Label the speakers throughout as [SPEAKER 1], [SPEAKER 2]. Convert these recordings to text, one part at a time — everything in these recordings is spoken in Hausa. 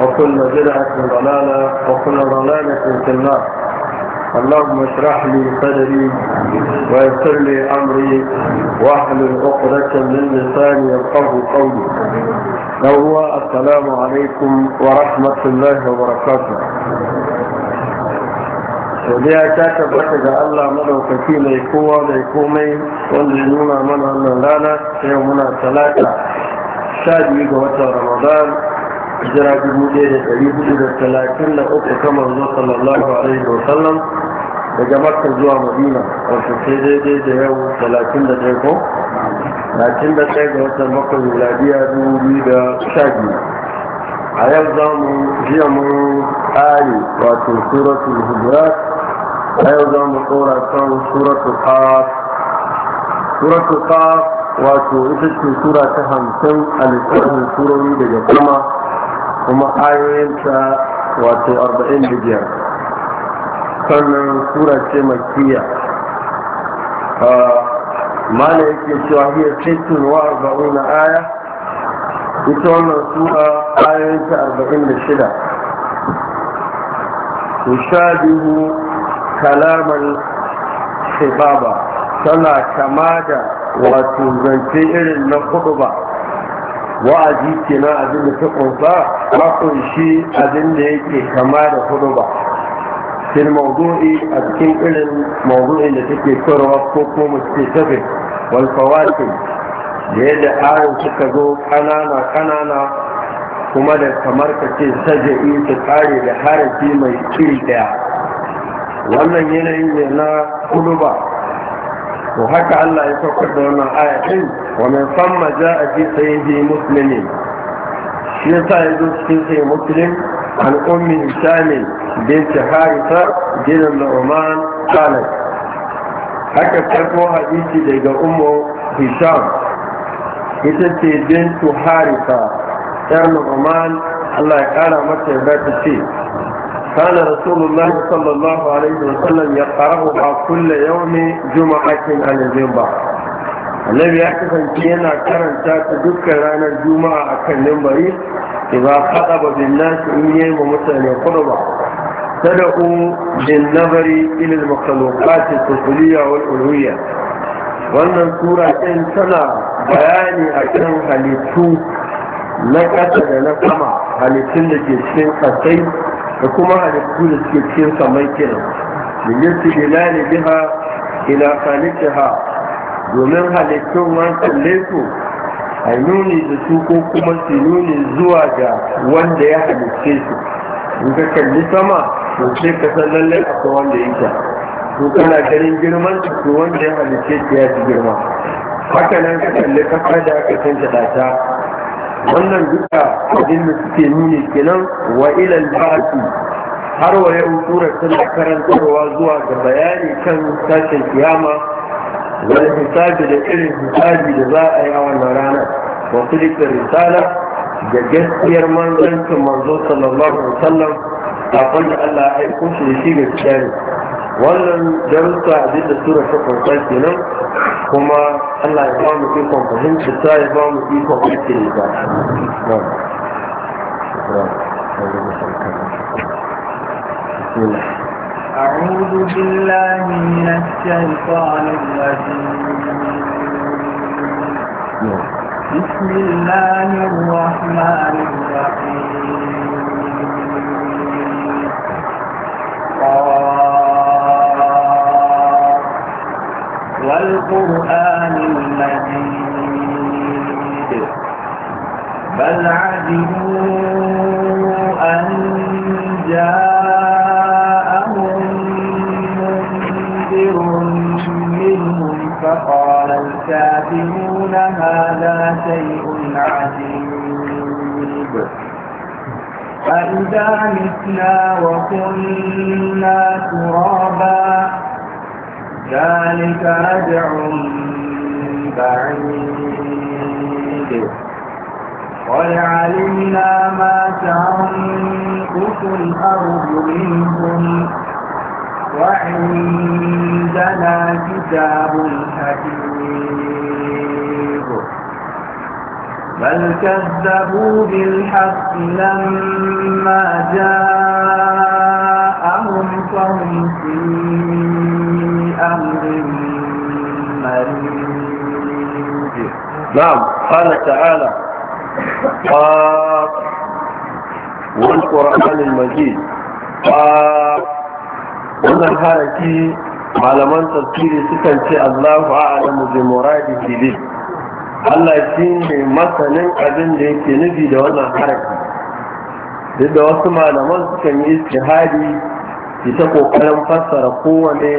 [SPEAKER 1] وكل بدعة ضلالة وكل ضلالة في النار اللهم اشرح لي صدري ويسر لي امري واحلل عقدة من لساني يفقه قولي هو السلام عليكم ورحمة الله وبركاته وديا كاتا بركة الله من وكفي ليكوى ليكومي ونجنونا من أن لنا يومنا ثلاثة شادي وقت رمضان hijira dubu ɗaya da ɗari hudu da talatin da uku ta manzo sallallahu alaihi wa sallam daga makka zuwa madina wato sai daidai da yau talatin da ɗaya ko talatin da ɗaya ga watan makka miladiya dubu biyu da sha biyu a yau za mu jiya mun ƙari wato suratul hujurat a yau za mu tsora kan suratul qaf suratul qaf wato ita ce sura ta hamsin a littafin surori daga sama kuma ayoyinta wato 45 sannan sura ce makiya ah, mana yake cewa hiya sittin wa na aya ita wannan sura ayoyinta 46 bihu kalaman shibaba tana kama da wato zance irin na kudu ba wa'azi na abin da ta kunsa ba kunshi abin da yake kama da hudu ba fil mawdu'i a cikin irin mawdu'in da take korowa ko ko mustaqbil wal fawatin da yadda ayin suka zo kanana kanana kuma da kamar ka ce in ta kare da harafi mai kiri daya wannan yanayin ne na ba, to haka Allah ya saukar da wannan ayatin ومن ثم جاء في سيد مسلم شيء سيد في مسلم عن أم هشام بنت حارثة بن النعمان قالت haka karko hadisi daga umu hisham ita ce bintu harisa yar nu'man Allah ya kara mata yarda ta ce kana sallallahu alaihi wasallam ya qarahu ba kullu yawmi juma'atin annabi ya kasance yana karanta ta dukkan ranar juma'a a kan limbari haɗa ba bin nasu in yi ma mutane da sada'u bin nabari ilil makalokati tukuliya wal uluwiya wannan tura ɗin tana bayani a kan halittu na ƙasa da na sama halittun da ke cikin ƙasai da kuma halittu da suke cikin samai kenan da yin biha ila halittaha domin halittun wancan kalle a nuni da su ko kuma su nuni zuwa ga wanda ya halitta su in ka kalli sama to sai ka san lallai akwai wanda yake to kana ganin girman su to wanda ya halitta su ya fi girma haka nan ka kalli kasa da aka san ta wannan duka abin da suke nuni kenan wa ilal ba'ati har wa yau surar tana karantarwa zuwa ga bayani kan sashen kiyama wani hisabi da irin hisabi da za a yi a wannan ranar wa kulika risala da gaskiyar manzancin manzo sallallahu alaihi wasallam kafin da Allah ya aiko shi da shi gaskiya ne wannan darussa abin da sura ta kwanta kenan kuma Allah ya ba mu ikon fahimta ta ya ba mu ikon aiki da ita. بسم الله أعوذ
[SPEAKER 2] بالله من الشيطان الرجيم بسم الله الرحمن الرحيم
[SPEAKER 3] والقرآن
[SPEAKER 2] المجيد بل عجبوا أن جاءوا فقال الكافرون هذا شيء عجيب فإذا متنا وكنا ترابا ذلك رجع بعيد قد علمنا ما تنقص الأرض منهم وعندنا كتاب حكيم بل كذبوا بالحق لما جاءهم فهم في أمر مريض نعم
[SPEAKER 1] قال تعالى قال والقرآن المجيد wannan haraki malaman tafsiri sukan ce Allahu a'lamu bi muradi fili Allah shi ne masanin abin da yake nufi da wannan haraki duk da wasu malaman sukan yi istihadi su ta kokarin fassara kowane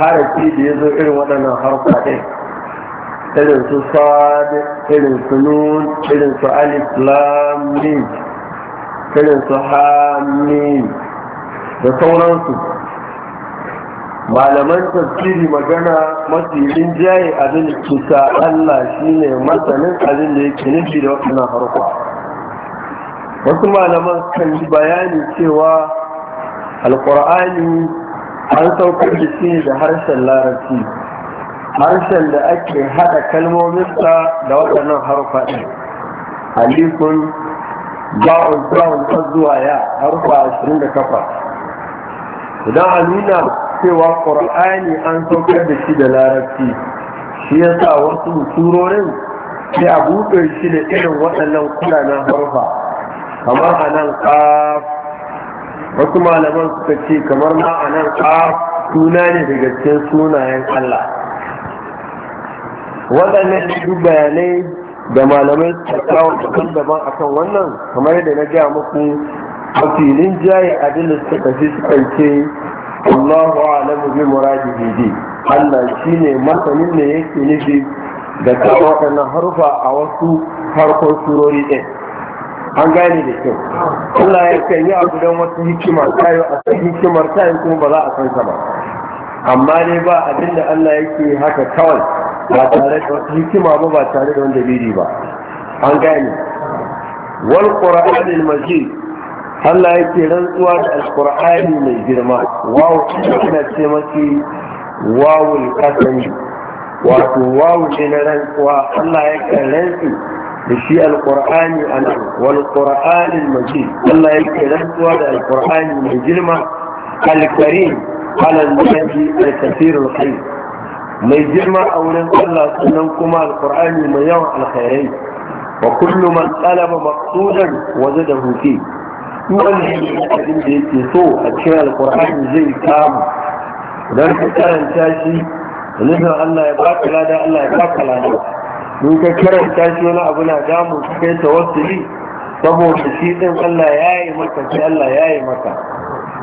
[SPEAKER 1] haraki da ya zo irin waɗannan harfa ɗin irin su sad irin su nun irin su alif lam mim irin su hamim da sauransu malaman tafsiri magana mafi rinjaye abin kusa Allah shine masanin abin da yake nufi da waɗannan harkwa wasu malaman kan yi bayani cewa alkur'ani an saukar da shi da harshen larabci harshen da ake haɗa kalmominsa da waɗannan harfa ɗin alifun ba'un ba'un zuwa ya harfa ashirin da kafa idan a nuna cewa ƙur'ani an saukar da shi da larabci shi ya sa wasu turorin sai a buɗe shi da irin waɗannan na harfa kamar a nan ƙaf wasu malaman suka ce kamar ma a nan ƙaf suna ne daga cikin sunayen Allah waɗannan duk bayanai da malamai suka kawo daban-daban akan wannan kamar yadda na gaya muku a filin jaye abin da suka fi sukan ce Allahu a'lamu bi muradihi bi Allah shine masanin ne yake nufi da kawo waɗannan harufa a wasu harkon surori ɗin an gane da kyau Allah ya kan yi abu don wata hikima tayo a san hikimar tayo kuma ba za a san ba amma dai ba abinda Allah yake haka kawai ba tare da wata hikima ba ba tare da wani dalili ba an gane wal qur'anil majid Allah ya yake rantsuwa da alkur'ani mai girma wawu ina ce maki wawul kasani wato wawu ce na rantsuwa Allah ya kan rantsi da shi alkur'ani a nan wal qur'anil majid Allah ya yake rantsuwa da alkur'ani mai girma alkarim alal nabi al-kathir al mai girma a wurin Allah sannan kuma alkur'ani mai yawan alkhairai wa kullu man talaba wajen da fihi wani abin da yake so a cikin alkur'ani zai samu don ka karanta shi allah ya baka allah ya baka ka karanta shi wani abu na damu su kai saboda shi din allah ya yi maka sai allah ya yi maka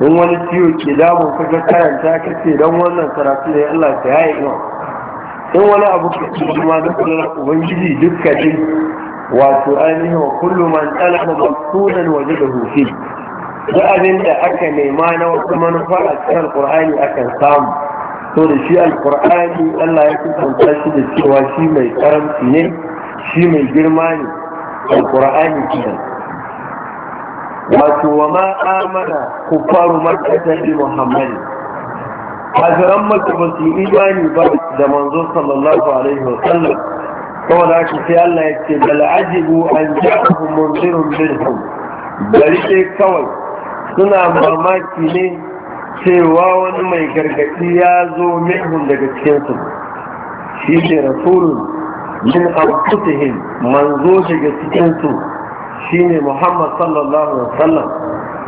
[SPEAKER 1] in wani ciwo ke damun ka ga karanta ka ce don wannan karatu da allah ka yi in wani abu ka ce kuma na kula ubangiji dukkanin wato ainihin wa kullu man talaba waje da fi duk abin da aka nema na wasu manufa a cikin alqur'ani akan samu to da shi alqur'ani Allah ya kusanta shi da cewa shi mai karamci ne shi mai girma ne alqur'ani kenan wato wa ma amana faru makkata bi muhammadin kafiran makka ba su yi imani ba da manzo sallallahu alaihi wa sallam saboda haka sai Allah ya ce bal ajibu an ja'ahum munzirun minhum bari sai kawai suna mamaki ne cewa wani mai gargadi ya zo minhum daga cikin su shi ne rasulun min anfusihim manzo daga cikin su shine Muhammad sallallahu alaihi wasallam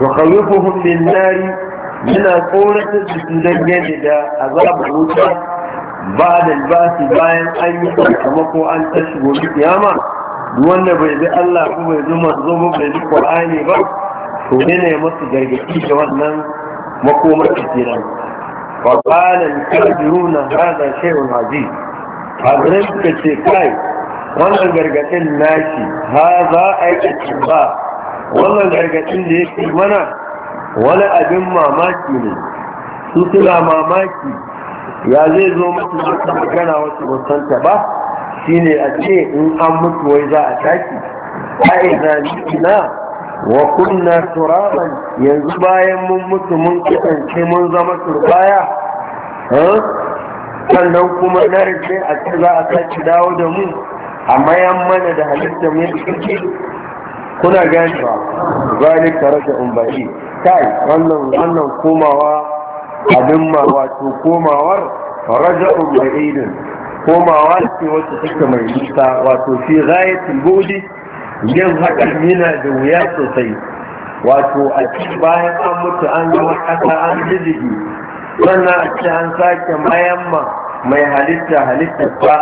[SPEAKER 1] wa khawifuhum bin nari yana tsoratar da su dangane da azabar wuta ba da basi bayan an yi sakamako an tashi gobe da kiyama wanda bai bi Allah ko bai zo manzo ba bai bi Qur'ani ba to ne ne musu gargadi da wannan makomar kiran wa qala al-kafiruna hadha shay'un aziz hadran ka ce kai wannan gargadin nashi hadha aikata ba wannan gargadin da yake mana wani abin mamaki ne su suna mamaki ya zai zo mutu wata magana wasu wasanta ba Shi ne a ce in an mutu wai za a taki ai na. wa kunna turaban yanzu bayan mun mutu mun kasance mun zama turbaya sannan kuma na rufe a ce za a sake dawo da mu a mayan mana da halitta mai suke kuna gani ba zalika raja umbari. kai wannan wannan komawa abin ma wato komawar raja'un ba'idin komawa ce wacce take mai nisa wato fi ghayatul budi yin hakan yana da wuya sosai wato a cikin bayan an mutu an zama kasa an jijigi sannan a ce an sake mayamma mai halitta halitta ba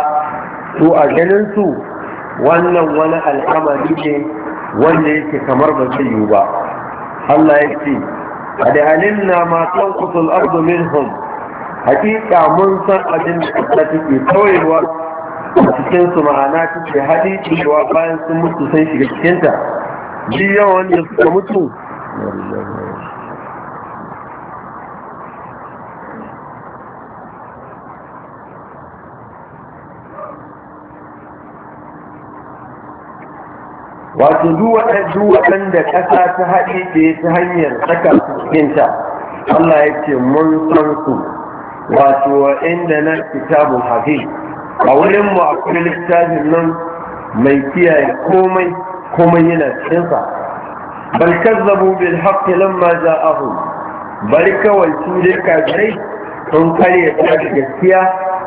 [SPEAKER 1] to a ganin su wannan wani al'amari ne wanda yake kamar ba zai yiwu ba Allah ya ce a adalilna ma tanqutu al-ardu minhum hakika mun san ajin da take kawai cikin su ma'ana take hadisi wa bayan sun mutu sai shiga cikinta. ta biyan wanda suka mutu wato duk da ƙasa ta haɗe ɗaya ta hanyar saka su cikinta Allah ya ce mun san su wato inda na kitabun hafi a wurin mu akwai littafin nan mai kiyaye komai komai yana cikinsa bal kazzabu bil haqqi lamma ja'ahum bari kawai su dai kafirai sun karya ta gaskiya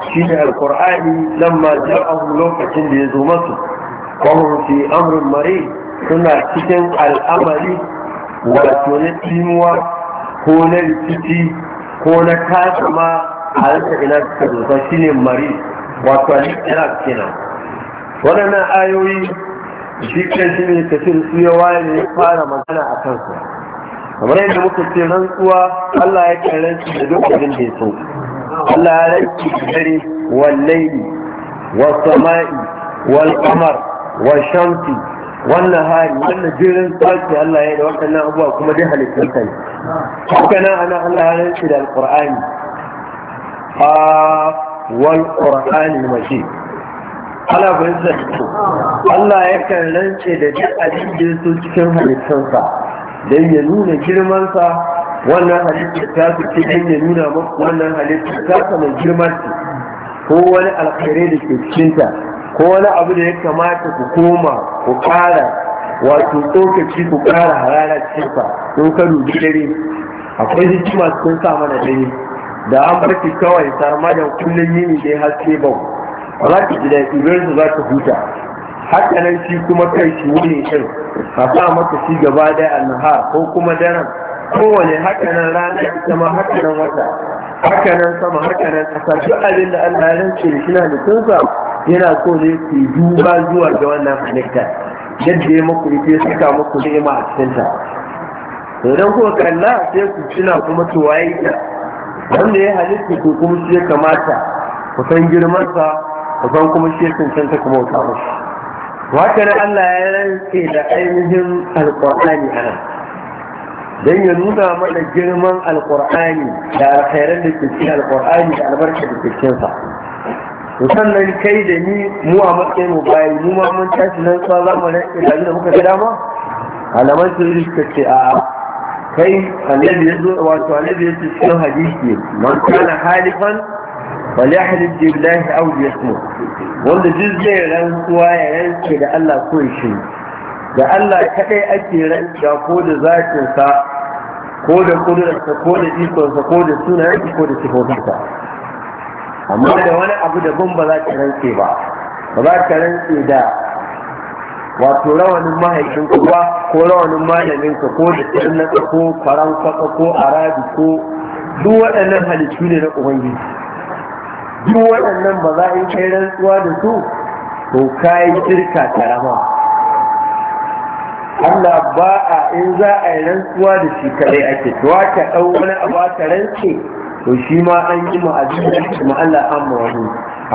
[SPEAKER 1] shi ne alqur'ani lamma ja'ahum lokacin da ya zo masu wahun fi amrin mari suna cikin al'amari wato na timuwa ko na rikici ko na kasa ma a rasa ina suka dosa shi ne mari wato a yana kenan waɗannan ayoyi shi kan shi ne tafiyar su yawa ne ya fara magana a kansu kamar yadda muka ce rantsuwa Allah ya kan rantsu da duk abin da ya so Allah ya rantsu da dare wal sama'i wa shamsi wannan hari wannan jirin tsarki Allah ya yi da waɗannan abubuwa kuma dai halittun kai haka nan ana Allah ya rantsi da alƙur'ani a wal ƙur'ani mashi ana fahimta Allah ya kan rantse da duk abin da ya so cikin halittunsa don ya nuna girmansa wannan halittun ta su ce don ya nuna wannan halittun, ta sama girman ko wani alkhairai da ke cikinta ko wani abu da ya kamata ku koma ku kara wato tsokaci ku kara harara cikinsa in ka dubi dare akwai hikima sun sa mana dare da an barci kawai sarmadan kullum yini dai haske bau ba za ki ji daɗi su za ta huta Hakanan nan shi kuma kai shi wuni ɗin a sa maka shi gaba da annahar ko kuma daren kowane haka nan rana ita ma haka wata haka nan sama haka nan ƙasa duk abin da Allah ya rance da kina da tunsa yana so ne ku duba zuwa ga wannan halitta yadda ya muku ita ya saka muku ni'ima a cikin ta idan kuma kalla sai ku tuna kuma to waye ta wanda ya halitta ku kuma shi ya kamata ku san girman sa ku san kuma shi ya cancanta kuma ku samu shi nan Allah ya rance da ainihin alƙur'ani a nan don ya nuna mana girman alkur'ani da alkhairan da ke cikin alkur'ani da albarkar da ke cikinsa to sannan kai da ni mu a matsayin mu bayan mu ma mun tashi nan sa za mu nan da muka ga dama alaman su suka ce a'a kai annabi ya zo wato annabi ya ce cikin hadisi man kana halifan وليحلف بالله او ليصمت wanda duk zai rantsuwa ya rantse da Allah ko shi da Allah kaɗai ake rantsuwa ko da zakinsa ko da ƙudurarsa, ko da ikonsa ko da sunan ko da sifofinsa amma da wani abu daban ba za ka rantse ba ba za ka rantse da wato rawanin mahaifin ba ko rawanin ka ko da tsirnaka ko kwaran kwaka ko arabi ko duk waɗannan halittu ne na ubangiji duk waɗannan ba za a yi kai rantsuwa da su to kayi shirka karama Allah ba a in za a yi rantsuwa da shi kaɗai ake tuwa ka ɗau wani abu aka rantse to shi ma an yi ma'azin da kuma Allah an ma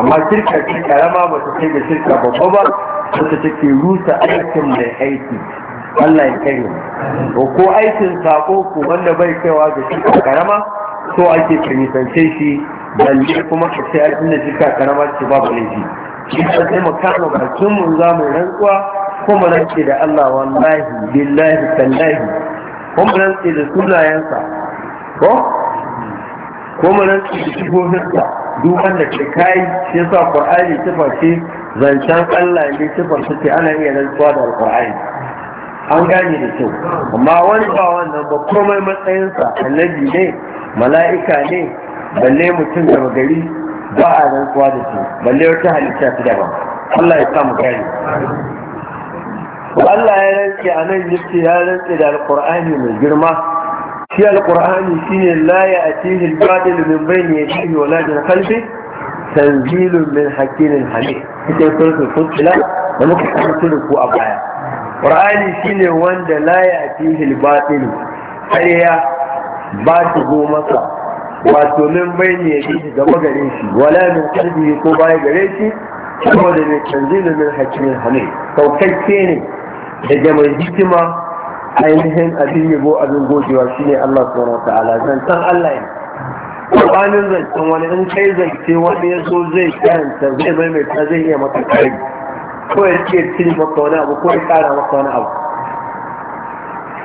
[SPEAKER 1] amma shirka ce karama ba ta kai da shirka babba ba wata take rusa aikin mai aiki Allah ya kai ko aikin sako ko wanda bai kaiwa ga shi karama so ake kanisance shi balle kuma ka sai aikin da shirka karama ce babu laifi shi ka taimaka ma bakin mu za mu rantsuwa kuma rantse da Allah wallahi billahi tallahi kuma rantse da sunayensa ko kuma rantse da sifofinsa duk wanda ke kai shi yasa Qur'ani sifa shi zancen Allah ne shi ce ana iya rantsuwa da Qur'ani an gane da kyau amma wani ba wannan ba komai matsayinsa annabi ne mala'ika ne balle mutum da gari ba a rantsuwa da shi balle wata halitta ta daban Allah ya samu gari. Allah ya rantse a nan yake ya rantse da alƙur'ani mai girma shi alƙur'ani shi ne ya a al-batil min bayni yadihi wa la min khalfi tanzilun min hakimin hamid cikin suratul fusilat da muka karanta ku a baya shi ne wanda la a atihi al-batil kariya ba shi zo masa wato min bayni yadihi gaba gare shi wala min khalfi ko baya gare shi saboda mai tanzilun min hakimin hamid saukakke ne daga mai hikima ainihin abin yabo abin gojewa shine Allah subhanahu wa ta'ala zancen Allah ne kwanin zancen wani in kai zance wani ya zo zai karanta zai maimaita zai iya maka kare. ko ya ce cin maka wani abu ko ya kara maka wani abu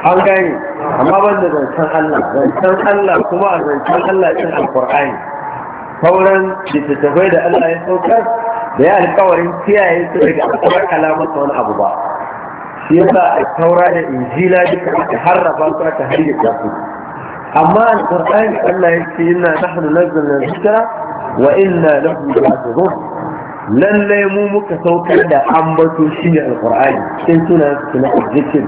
[SPEAKER 1] an gani amma ban da zancen Allah zancen Allah kuma a zancen Allah ɗin alƙur'ani sauran littattafai da Allah ya saukar da ya alƙawarin kiyaye su daga akwai alamar wani abu ba shi yasa a taura da injila duka aka harrafa su aka harrafa su amma alqur'ani Allah ya ce inna nahnu nazzalna dhikra wa inna lahu lahafizun lalle mu muka saukar da ambato shi ne alqur'ani cikin sunan sunan dhikr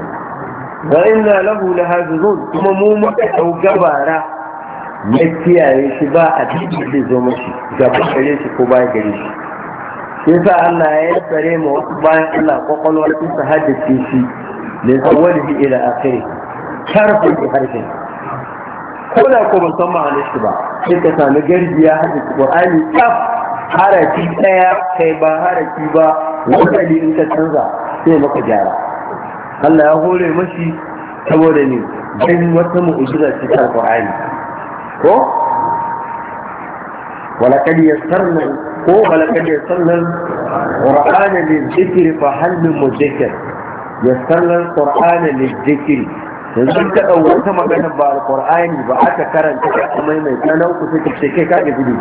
[SPEAKER 1] wa inna lahu lahafizun kuma mu muka saukar ya kiyaye shi ba a cikin da zo mashi gaba gare shi ko ba gare shi yasa Allah ya tsare mu wasu bayan Allah kwakwalwar su su haddace shi da ya san wani fi ila akhiri harfin ki harfin ko da ko ban san ma'anar shi ba sai ka sami garjiya haddace Qur'ani tsaf harafi ɗaya. kai ba harafi ba wani in ka canza sai maka gyara Allah ya hore mashi saboda ne dan wata mu'jiza ce ta Qur'ani ko ولقد يسرنا ko balakan ya sallan qur'ana lizikri fa hannun mu mudakkir ya sallan qur'ana lizikri yanzu ka dau wata magana ba Al-ƙur'ani ba aka karanta ka kuma mai tsanau ku take take ka ga gudu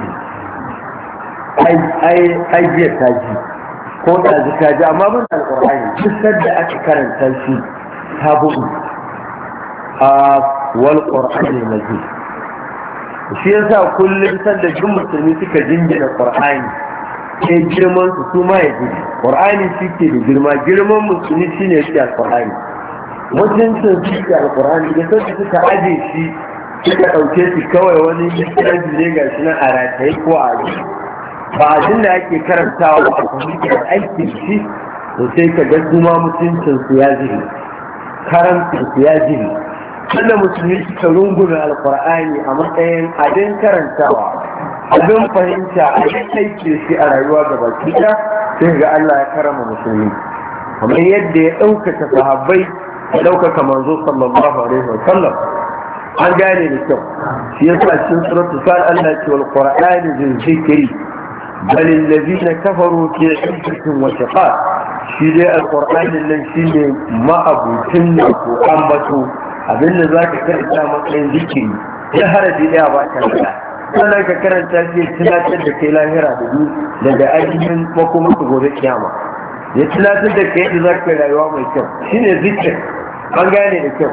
[SPEAKER 1] ai ai ai ya ko ko da zika ji amma ban alqur'ani duk sanda aka karanta shi ta gudu a wal qur'ani majid shi ya sa kullum sanda jin musulmi suka jingina qur'ani sai girman su su ma ya ji qur'ani shi ke da girma girman musulmi shine yake qur'ani mutuncin su ke alqur'ani da sanda suka aje shi suka ɗauke shi kawai wani kiranci ne ga shi nan a rataye ko a yi. ba abin da ake karantawa ba a kuma aikin shi to sai ka ga kuma mutuncin su ya jiri karantar su ya jiri kada musulmi suka rungume alkur'ani a matsayin abin karantawa abin fahimta abin aiki shi a rayuwa baki ta, sai ga Allah ya karama musulmi kamar yadda ya ɗaukaka sahabbai ya ɗaukaka manzo sallallahu alaihi wa sallam an gane da kyau shi yasa cikin suratul sal Allah ya ce wal qur'ani zin zikri bal allazina kafaru fi hijratin wa shiqaq shi dai alqur'ani nan shine ma'abutin ko ambato abin da za ka karanta matsayin zikiri ta harafi daya ba ta nada sannan ka karanta shi tunatar da kai lahira da ni daga ainihin makomaka gobe kiyama ya tunatar da kai yadda za ka rayuwa mai kyau shine zikir an gane da kyau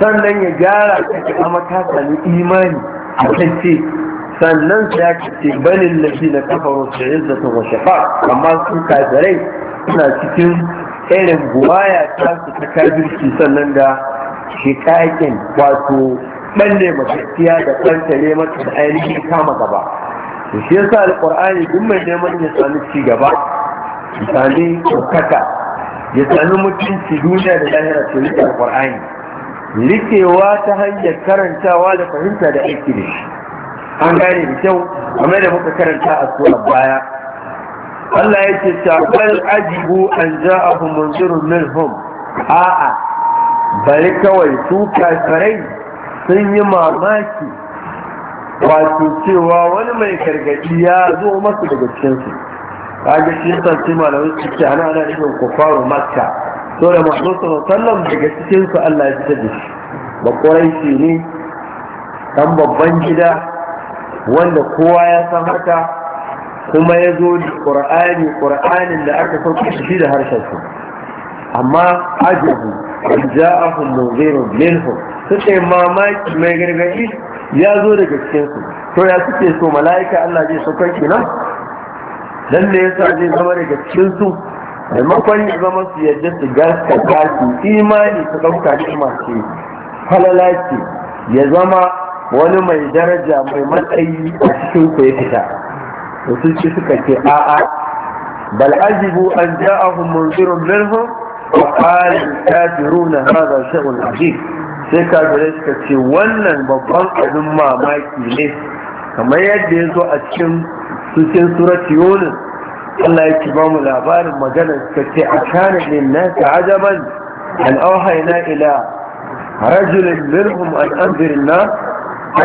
[SPEAKER 1] sannan ya gyara ka kuma ka sami imani a kan ce sannan sai ya ce banin lafi na kafaro da ta wa ba, amma su suna cikin irin buwaya ta su ta sannan da kayakin wato balle magaskiya da tsantare mata da ainihin kama gaba to shi yasa Alƙur'ani duk mai neman ya sami ci gaba
[SPEAKER 3] ya sami
[SPEAKER 1] ya sami mutunci duniya da lahira to rike alqur'ani rikewa ta hanyar karantawa da fahimta da aiki da shi an gane da kyau kamar da muka karanta a surar baya Allah ya ce ta ajibu an ja'ahum munzirun hom. a'a bari kawai su kafirai sun yi mamaki wato cewa wani mai gargaɗi ya zo masu daga cikinsu ga shi yasa ce da wasu ce ana ana kufaru makka so da masu sallam daga cikinsu allah ya fita da shi ba shi ne ɗan babban gida wanda kowa ya san haka kuma ya zo da ƙur'ani ƙur'anin da aka sauke shi da harshen su amma ajabu ja'ahum munzirun Su suke mamaki mai gargadi ya zo daga cikin su to ya suke so mala'ika Allah zai saukar kenan dan ne yasa zai zama daga cikin su maimakon ya zama su yadda su gaska su imani su ɗauka ni'ima ce falala ce ya zama wani mai daraja mai matsayi a cikin ku ya fita da sun ci suka ce a'a bal ajibu an ja'ahum munzirun minhum وقال الكافرون هذا شيء عجيب sai kafirai suka ce wannan babban abin mamaki ne kamar yadda ya zo a cikin cikin surat yunin Allah yake ba mu labarin magana suka ce a kana na nasi ajaban an na ila rajulin minhum an anzirin nas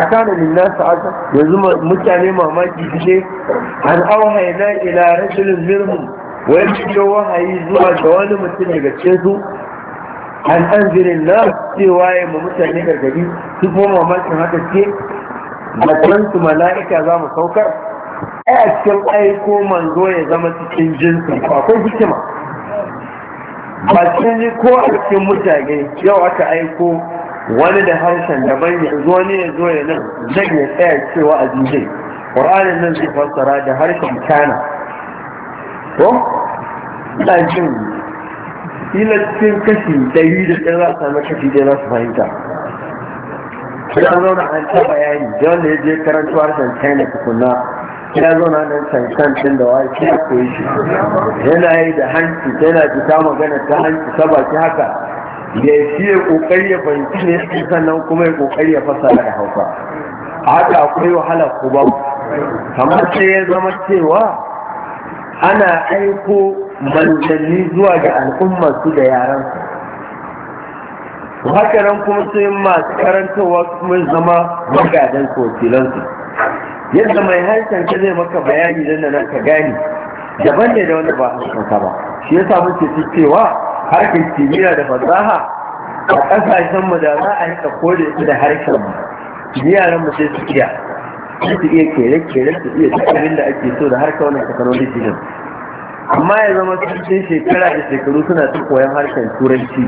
[SPEAKER 1] a kana lin nasi ajab yanzu mutane mamaki ne an auhayna ila rajulin minhum wai cikin wahayi zuwa ga wani mutum daga cikin su an an zirin na cewa ya mu mutane gargadi su kuma mamakin haka ce matan su mala'ika za mu saukar ai a cikin aiko manzo ya zama cikin jinsin akwai hikima ba cikin ko a cikin mutane yau aka aiko wani da harshen daban ya zo ne ya zo ya nan zai ya tsaya cewa a jijai ƙwararren nan zai fassara da harshen kana ko ina cikin kashi dari da ɗan za a sami kashi da za su fahimta Ya zauna an taba bayani da wanda ya je karantuwa harshen china tukuna ya zauna nan cancan din da wani shi koyi shi yana yi da hanci yana fita magana ta hanci ta baki haka ya shi ya kokari ya fahimci ne sannan kuma ya kokari ya fasa da hausa haka akwai wahala ku ba kamar sai ya zama cewa ana aiko manzanni zuwa ga al'umma su da yaran su haka nan kuma sai masu karantarwa kuma zama magadan wakilan su yadda mai harshen ta zai maka bayani dan nan ka gani daban ne da wanda ba harshen ka ba shi yasa muke cewa harkar kimiyya da fasaha a kasashen mu da za a ka kore su da harshen mu yaran mu sai su kiya su iya kere-kere su iya duk abin da ake so da harkar wani technology jinin amma ya zama cikin shekara da shekaru suna ta koyan harshen turanci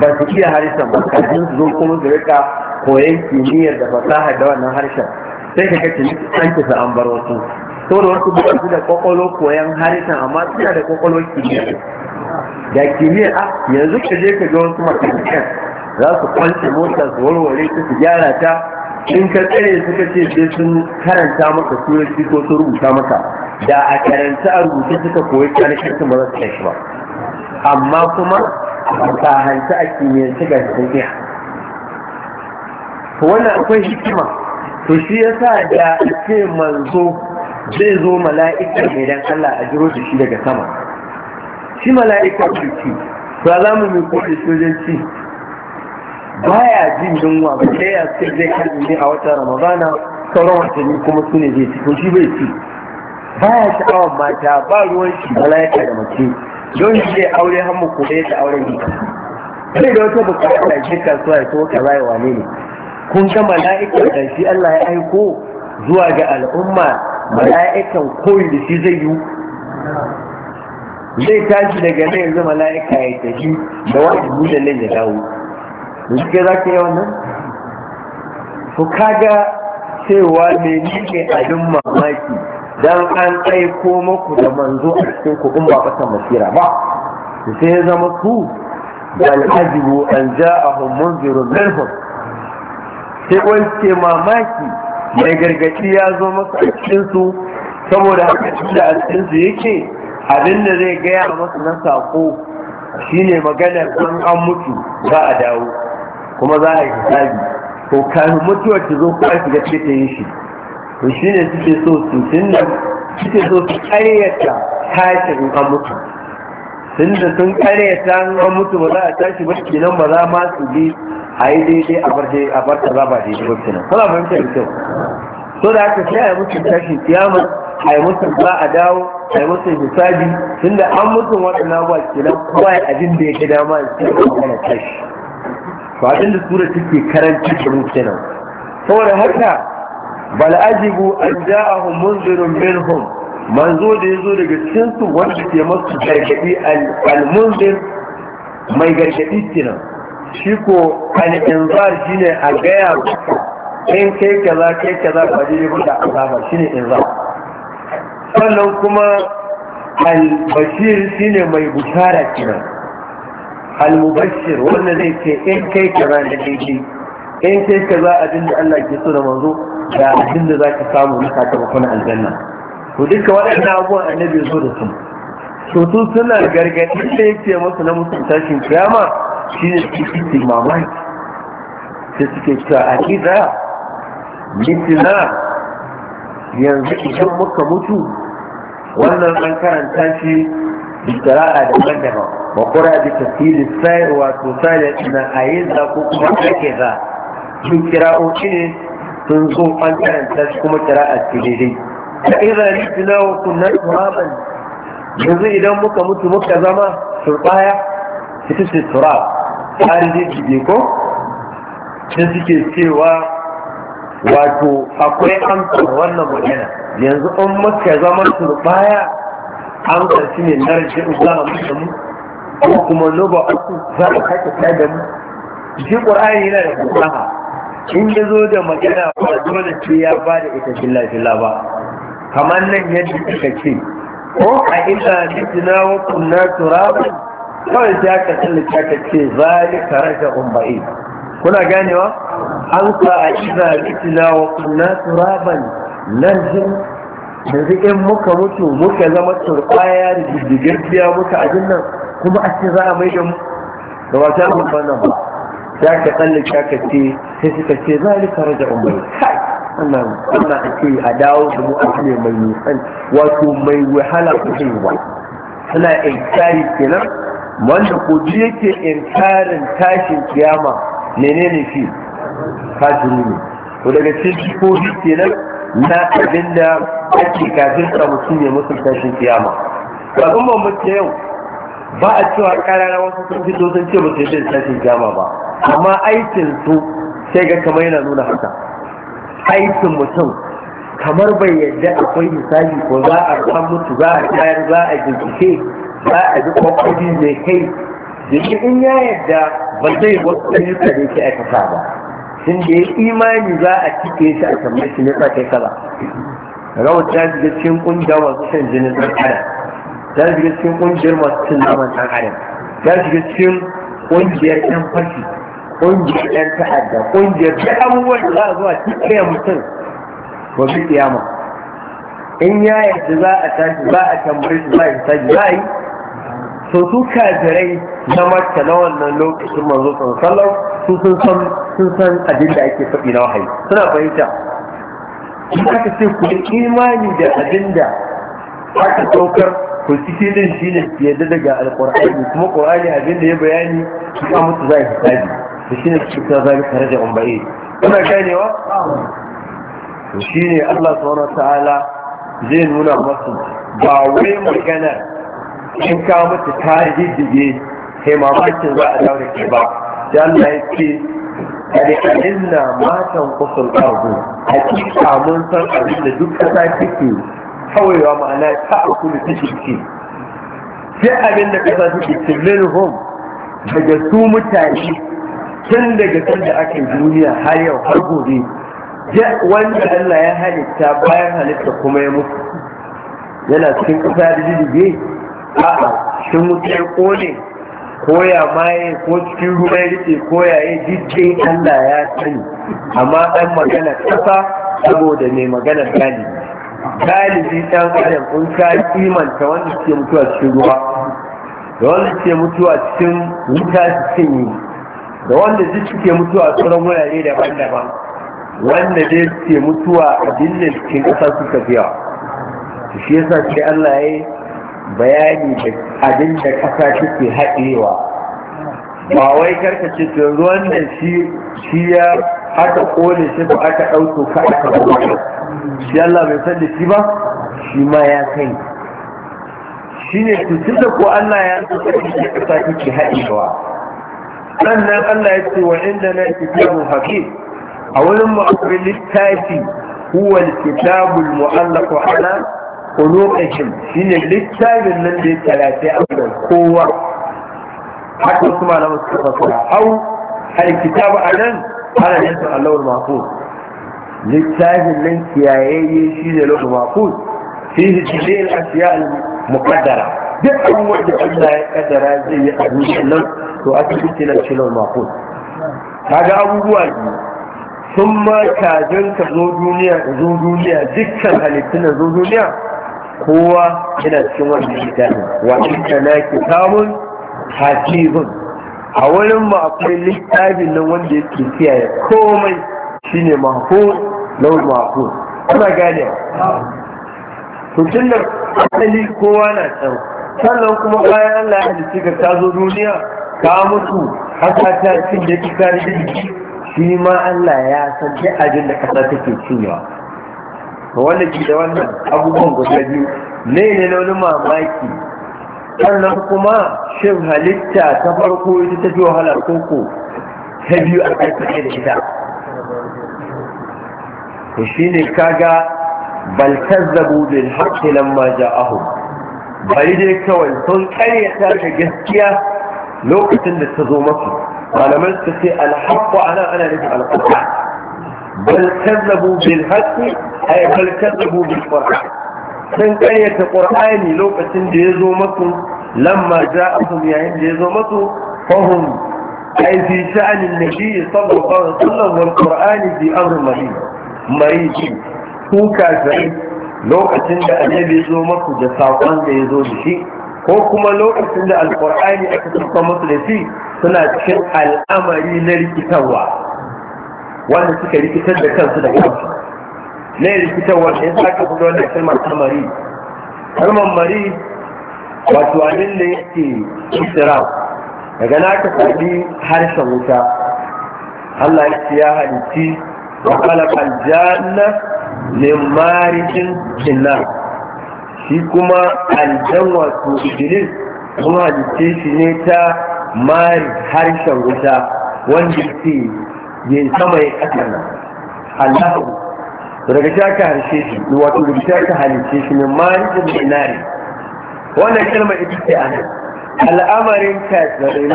[SPEAKER 1] ba su iya harshen ba kafin su zo kuma su rika koyan kimiyyar da fasaha da wannan harshen sai ka kace an kisa an bar wasu da wasu ba su da kwakwalo koyan harshen amma suna da kwakwalo kimiyyar da kimiyyar a ah, yanzu ka je ka ga wasu makarantar za su kwanci mota su warware su gyara ta in ka tsere suka ce sai sun karanta maka turanci ko sun rubuta maka da a karanta a rubuta suka koyi kanakin ba za su shi ba amma kuma ba hanta a ta ga sun to wannan akwai hikima to shi yasa da ce manzo zai zo mala'ika mai dan Allah a jiro shi daga sama shi mala'ika ce ba za mu mai koyi sojanci baya jin yunwa ba sai ya ce zai kan ne a watan ramadana sauran watanni kuma su ne zai ci to shi bai ci baya sha'awar mata ba ruwan shi malaika da mace don shi zai aure har mu kuma yadda auren jika sai da wata bukata da shi kasuwa ya so kaza ya wane ne kun ga mala'ika da shi Allah ya aiko zuwa ga al'umma mala'ikan koyi da shi zai yi zai tashi daga nan yanzu mala'ika ya tafi da wani da nan ya dawo yanzu za ka yi wannan to kaga cewa ne abin mamaki don an aiko maku da manzo a cikin ku in ba kasan masira ba sai ya zama su bal ajibu an homon munzirun minhum sai wance mamaki mai gargaɗi ya zo masa a cikin su saboda haka da a cikin su yake abin da zai gaya masa na sako shine maganar an an mutu za a dawo kuma za a yi hisabi ko kafin mutuwar ta zo ko a shiga ce ta yin shi to shi ne suke so su tunda suke so su ƙaryata tashi in an mutu tunda da sun ƙaryata in an mutu ba za a tashi ba kenan ba za ma su bi a yi daidai a bar ta ba daidai ba kenan kuma ba da kyau so da haka sai a yi mutu tashi kiyama a yi mutu za a dawo a yi mutu hisabi tunda da an mutu waɗannan ba kenan kowa ya abin da ya ke dama ya ce kuma tashi to abin da sura take karanci da mu kenan saboda haka bal ajibu an ja'ahum munzirun minhum manzo da yazo daga cikin su wanda ke masu gargadi al munzir mai gargadi kenan shi ko al inzar shine a gaya in kai kaza kai kaza ba dai ba da azaba shine inzar sannan kuma al bashir shine mai bushara kenan al wanda zai ce in kai kaza da daidai in kai za abin da Allah ke so da manzo da abin da zaka samu na sakamakon aljanna to duka waɗannan abubuwan annabi zo da su to su suna gargaɗi da yake musu na musu tashin kiyama shine su suke mamaki sai suke cewa a ƙiza, mitina yanzu idan muka mutu wannan an karanta shi da daban-daban wa kura bi tafsir sai wa to sai ayin ayyuka ko kuma kake za sun o ne sun zo an karanta kuma kira ce daidai da idan ritina wa kunna turaban yanzu idan muka mutu muka zama turbaya ita ce turab tsarin jijjige ko sun suke cewa wato akwai amsar wannan magana yanzu an muka zama turbaya an karshe ne na rashin za a mutu kuma loba uku za a ta da mu shi qur'ani yana da fasaha in ya zo da magana ba dole sai ya ba da ita filla filla ba kamar nan yadda kika ce ko a ina mitina wa kunna turaban kawai ta ka ta ka ce zalika raja'un umbai kuna ganewa an sa a ina mitina wa kunna turaban nan jin da in muka mutu muka zama turbaya da jirgin biya muka abin nan kuma a ce za a mai da mu da wata nan ba ya ka tsallake ka ce sai suka ce za a lika raja umaru kai wannan a ce a dawo da mu a ne mai nisan wato mai wahala ku ce ba suna inkari kenan wanda ko ji yake tsarin tashin kiyama menene shi kafiri ne to daga cikin ko kenan na abinda ake kafin mutum ya musu tashin kiyama ba kuma mutum yau ba a cewa karara wasu sun fito sun ce ba su yadda sashi jama ba amma aikin su sai ga kamar yana nuna haka aikin mutum kamar bai yadda akwai misali ko za a kan mutu za a tayar za a bincike za a ji kwakwadi mai kai jikin in ya yadda ba zai wasu ayyuka da yake aikata ba sun da ya imani za a cike shi a tambayi shi ne sa kai rawar ta shiga cikin kungiya masu shan jinin ɗan adam ta shiga cikin ƙungiyar masu cin naman ɗan adam ta shiga cikin ƙungiyar ɗan fashi ƙungiyar ɗan ta'adda ƙungiyar duk abubuwan da za a zuwa cikin mutum ba bi kiyama in ya yadda za a tashi za a tambayi za a tashi za a yi so su kajirai na mata na wannan lokacin manzo sallallahu su sun san sun san abin da ake faɗi na wahayi suna fahimta in aka ce ku imani da abin da aka saukar ku ciki din shi ne yadda daga alƙur'ani kuma ƙur'ani abin da ya bayani su ka mutu za a hisabi da shi ne su ta zabi tare da umbaye kuna ganewa to shi ne Allah subhanahu wa ta'ala zai nuna masu ba wai magana in ka mutu ka jijjige kai mamakin za a daure ke ba sai Allah ya ce alƙalin na matan kusur ƙarfi a kika mun san abin da duk kasa take kawai wa ma'ana ta aku da take ce sai abin da kasa suke ce minhum daga su mutane tun daga tun da aka duniya har yau har gobe wanda Allah ya halitta bayan halitta kuma ya mutu yana cikin kasa da jirgi a'a shin wuta ya kone ko ya maye ko cikin ruwa ya rike ko ya yi Allah ya sani amma dan magana kasa saboda mai magana galibi galibi ɗan adam kun ka kimanta wanda suke mutuwa cikin ruwa da wanda suke mutuwa cikin wuta su cinye da wanda duk suke mutuwa a sauran wurare daban-daban wanda dai suke mutuwa a dillin cikin ƙasa suka tafiya su shi yasa sai Allah ya yi bayani da abin da ƙasa take haɗewa ba wai karka ce to yanzu wannan shi ya haka kone shi ba aka ɗauko ka aka kuma shi Allah bai san da shi ba shi ma ya kai shi ne tutun ko Allah ya san da shi da ƙasa take haɗewa sannan Allah ya ce wa inda na kitabu haƙi a wurin mu akwai littafi huwa kitabul mu'allaq ala quluqihim shine littafin nan da ya tarafi a kowa haka wasu malaman suka fasara au al kitabu anan ana yanzu Allahul mahfuz littafin nan kiyayayye shi ne lokacin mafus fihi jilil asiya al-muqaddara duk abubuwan da Allah ya kaddara zai yi a duniyar nan to a cikin tilan tilan mafus kaga abubuwa ne sun ma kajin ka zo duniya ka zo duniya dukkan halittun da zo duniya kowa yana cikin wannan littafin wa inna na samun hafizun a wurin ma akwai littafin nan wanda yake kiyaye komai shine mahfuz lau mafu kuna gane to tun da asali kowa na can sannan kuma bayan Allah ya halitta ka ta duniya ka mutu haka ta cin da ta da shi ma Allah ya san duk ajin da kasa take cinyewa wanda ke da wannan abubuwan guda biyu ne ne na wani mamaki sannan kuma shin halitta ta farko ita ta fi wahala koko ta biyu a ƙarfi da ita وشيني كاقا بل كذبوا للحق لما جاءهم بايدي كوان تنقلي تارك جهتيا لوقت اللي تزومتهم قال ملتسي الحق وانا انا نجي على القرآن بل كذبوا بالحق اي بل كذبوا بالقرآن تنقلي القرآن لوقت اللي يزومتهم لما جاءهم يعني يزومتهم فهم أي في شأن النبي صلى الله عليه وسلم والقرآن في أمر مهيب mariji su kafirai lokacin da annabi zo maku da sakon da ya zo da shi ko kuma lokacin da Alƙur'ani aka tsufa musu da shi suna cikin al'amari na rikitarwa wanda suka rikitar da kansu da kansu na rikitarwa da ya ka fito wannan kalmar amari? kalmar mari wato abin da yake isra daga na ka sami harshen wuta Allah ya halitti وخلق الجنة من مارج النار shi kuma aljan wato kuma halitta ne ta mari harshen wuta wanda ke yin sama ya ƙasa nan allahu daga ta ka harshe shi wato daga ta ka halitta wannan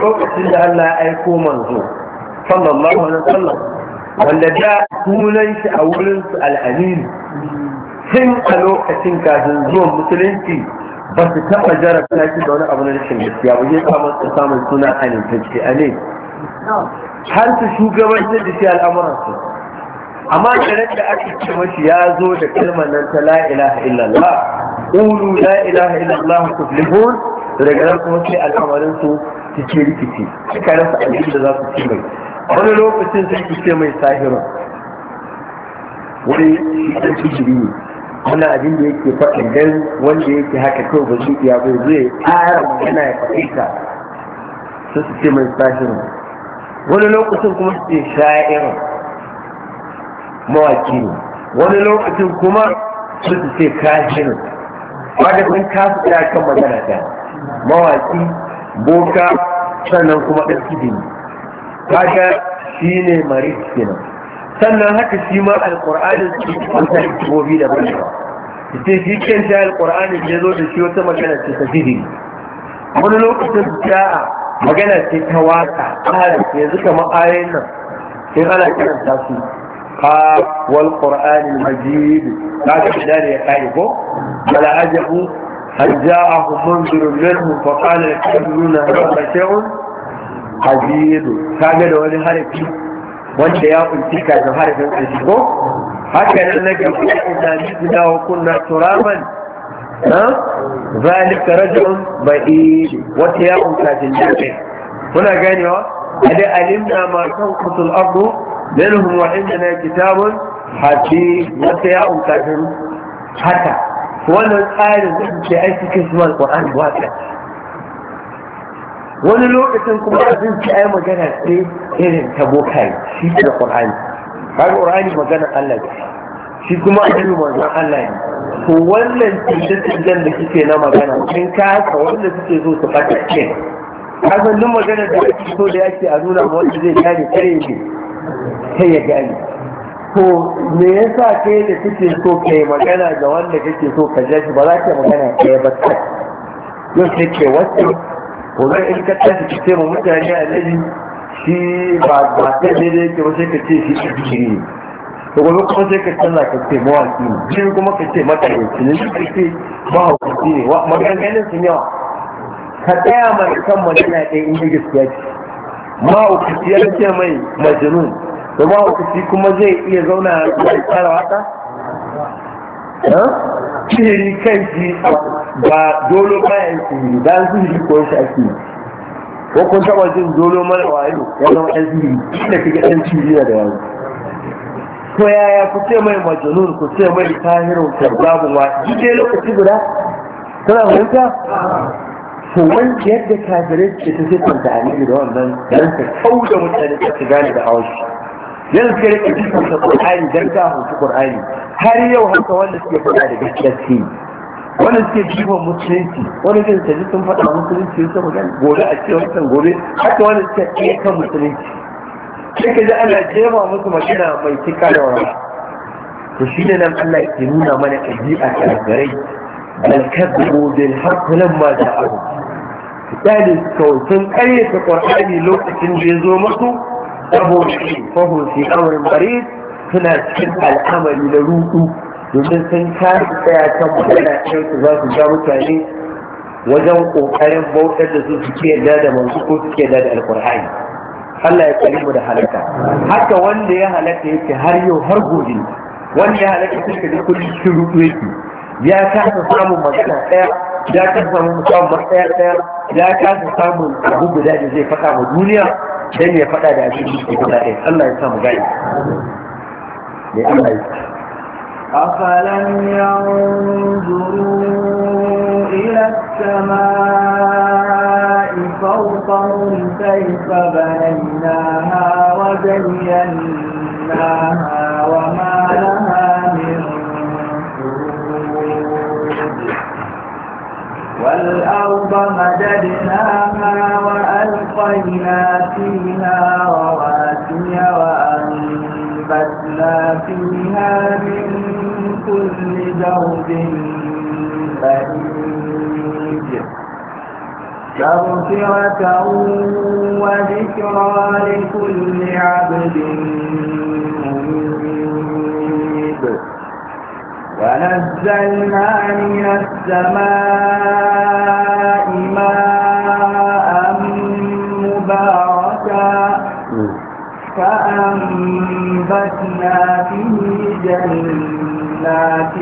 [SPEAKER 1] lokacin da allah ya aiko manzo wanda da sunan a wurinsu al'amini, sun tun a lokacin kafin zuwan musulunci ba su taɓa jarabta shi da wani abu na rashin gaskiya ba zai samun su samun suna amintacce a ne har su shugabanci da shi al'amuransu amma da da aka ce mashi ya zo da kalmar nan ta la ilaha illallah ulu la ilaha illallah ku tuflihun daga nan kuma sai al'amarin su rikici suka rasa abin da za su ci mai wani lokacin sai ki ce mai sahirun wani ɗan sihiri ne wani abin da yake faɗin dan wanda yake haka kawai ba zai iya bai zai ƙara magana ya faɗi ka sai su ce mai sahirun wani lokacin kuma su ce sha'irun mawaki ne wani lokacin kuma su ce kashirin wadda kun kasu ya kan magana ta mawaki boka sannan kuma ɗan sihiri kaga shi ne kenan sannan haka shi ma alƙur'anin gobi da bai ba ita shi kanta alƙur'anin ya da shi wata magana ce ta sihiri wani lokacin ja'a magana ce ta waka ƙara yanzu kamar ayoyin nan in ana karanta su قاف والقرآن المجيد بعد ذلك قائبه فلا عجبوا هل جاءهم منذر منهم فقال يكتبون هذا شيء azizu kaga da wani harafi wanda ya kunci kafin harafin ƙarshe ko haka nan na gafi ina mijina wa kunna turaban zalika rajulun ba'id wata ya kunta jin jabe kuna ganewa ada alimna ma tanqutul ardu minhum wa indana kitabun hafi wata ya kunta jin haka wannan tsarin da ke aiki kisman qur'ani waka wani lokacin kuma abin ci ai magana sai irin ta bokai shi da qur'ani kaga qur'ani magana Allah ce shi kuma annabi magana Allah ne to wannan tilde-tilden da kike na magana in ka haka wanda suke zo su fata ce kasan duk magana da ake so da yake a nuna ma wanda zai gane kare ne sai ya gane to me yasa kai da kike so kai magana da wanda kake so ka jashi ba za ka magana ɗaya ba yau sai ke wasu gobe in ka tafi cikin mutane a nan shi ba ba kai daidai yake ba sai ka ce shi shi ne to gobe kuma sai ka canza ka ce mawaki ne jin kuma ka ce matsayaci ne ka ce mahaukaci ne maganganin sun yawa ka tsaya mai kan magana ɗaya in yi gaskiya ce mahaukaci ya ce mai majnun da mahaukaci kuma zai iya zauna a tsara wata sihiri kan shi ba dolo bayan sihiri dan sihiri ko shi ake ko kun taɓa jin dolo mara wayo ya zama ɗan sihiri da kake ɗan sihiri da yawo ko yaya ku ce mai majanun ku ce mai tahirun kazzabun wa duk lokaci guda tana fahimta to wanda yadda kafirai ke ta siffanta annabi da wannan dan ta da mutane ta gane da hawashi yanzu suka rika jikin ta ƙur'ani don ka hoci ƙur'ani har yau haka wanda suke faɗa da gaskiya suke wanda suke jikin musulunci wanda suke tafi sun faɗa musulunci sun magana gobe a ce wancan gobe haka wanda suke ɗaya kan musulunci sai ka ji ana jefa musu magana mai cika da wani to shi ne nan Allah ke nuna mana ɗabi'a ta garai bal kadzabu bil haqq lamma ja'ahum kitabi kawai sun ƙaryata qur'ani lokacin da ya zo musu sabo fahim fi amrin marid suna cikin al'amari na rudu domin sun kare tsaya kan magana ɗin za su ja mutane wajen ƙoƙarin bautar da su suke yadda da manzo ko suke yadda da alƙur'ani Allah ya kare mu da halaka haka wanda ya halaka yake har yau har gobe wanda ya halaka suka da kullum cikin rudu yake ya kasa samun magana ɗaya ya kasa samun samun matsaya ɗaya ya kasa samun abu guda da zai faɗa ma duniya dan ya faɗa da abin da guda ɗaya Allah ya samu gani ne Allah ya
[SPEAKER 2] أفلم ينظروا إلى السماء فوقهم كيف بنيناها وزيناها وما لها والأرض مددناها وألقينا فيها رواسي وأنبتنا فيها من كل زوج بهيج تغفرة وذكرى لكل عبد منيب ونزلنا من السماء ماء مباركا فأنبتنا به جنات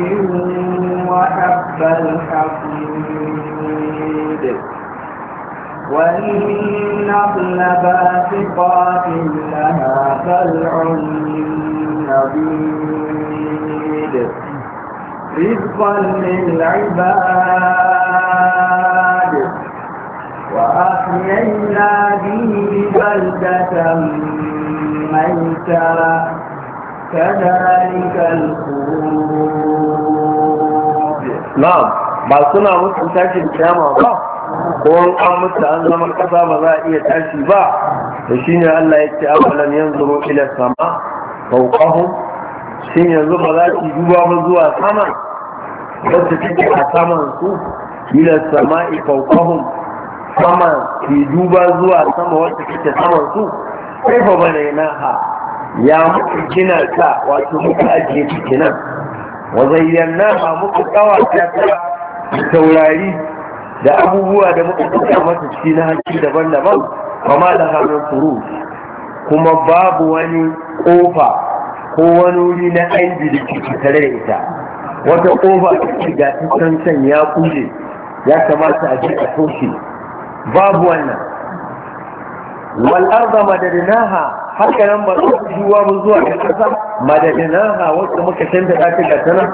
[SPEAKER 2] وحب الحصيد والنخل باسقات لها فالعين نضيد رزقا للعباد وأحيينا به بلدة ميتا
[SPEAKER 1] كذلك الخروج نعم ba suna mutum tashin kyama ba ko an mutu an zama kasa ba za a iya tashi ba da shine Allah ya ce awalan yanzuru ila sama fawqahum shin yanzu ba za ki duba ba zuwa sama wacce take a saman su ila sama'i fawqahum sama ki duba zuwa sama wacce take saman su kai ba bane na ha ya muku gina ta wato muka ajiye ta kenan wa zayyana ma muku kawa ta taurari da abubuwa da muka saka mata ciki na hanci daban-daban kama da hannun furu kuma babu wani kofa ko wani wuri na aiki da ke tare da ita wata ƙofa a ga can ya kuje ya kamata a ji a toshe babu wannan wal arda madadinaha haka nan ba su juwa mu zuwa ga kasa madadinaha wanda muka canza ta ga tana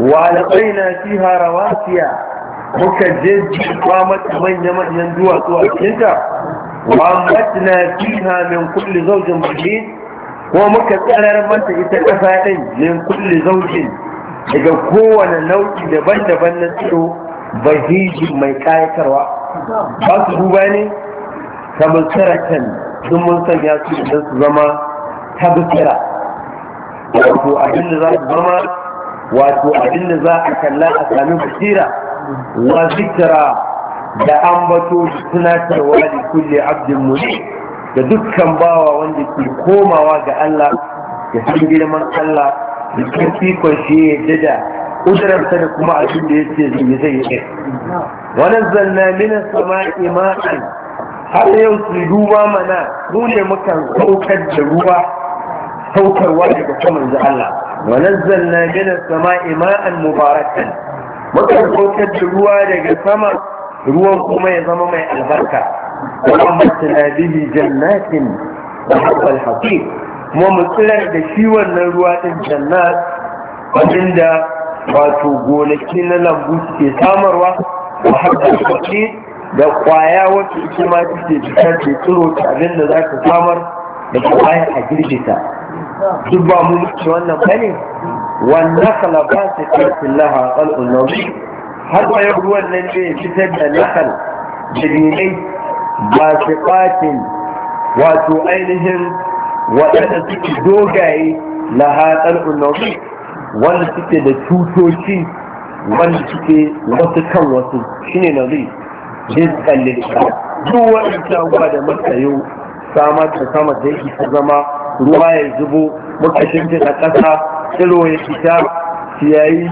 [SPEAKER 1] wa laqaina fiha rawasiya muka ba mata manya manyan duwatsu a cikinta wa matna fiha min kulli zawjin bahid ko muka tsarar manta ita ƙasa ɗin min kulli zaujin daga kowane nau'i daban-daban na tsiro bahiji mai kayatarwa ba su duba ne kamar sarakan sun mun sanya su idan su zama tabbira wato abin da za su zama wato abin da za a kalla a sami basira wa zikira da ambato tunatarwa da kulle abdin muni da dukkan bawa wanda ke komawa ga Allah da sun girman Allah da sun fikon shi ya dada ƙudurarsa da kuma abin da ya ce zai zai yi wani zanna mina sama ima'an har yau su duba mana mu ne mukan saukar da ruwa saukarwa daga saman da Allah wani zanna mina sama'i ma'an mubarakan mukan saukar da ruwa daga sama ruwan kuma ya zama mai albarka وأمتنا به جنات وحب الحقيق ومسلم دشيوى النروات الجنات ومن دا واتو قولكين ke samarwa, سامروا وحب الحقيق da kwaya wacce ita ma take fitar da tsiro ta abin da za ka samar da kwaya a girgita duk ba mu mutu wannan bane wannan kalaba ta fitin laha kal'un nauyi har bayan ruwan nan ne fitar da nakal da basiqatin wato ainihin waɗanda suke dogaye laha tsal'un nauyi wanda suke da cutoci wanda suke wasu kan wasu shine nauyi rizkan lilka duk waɗanda ruwa da muka yau sama da sama da yake ta zama ruwa ya zubo muka shimfiɗa ƙasa tsiro ya fita ciyayi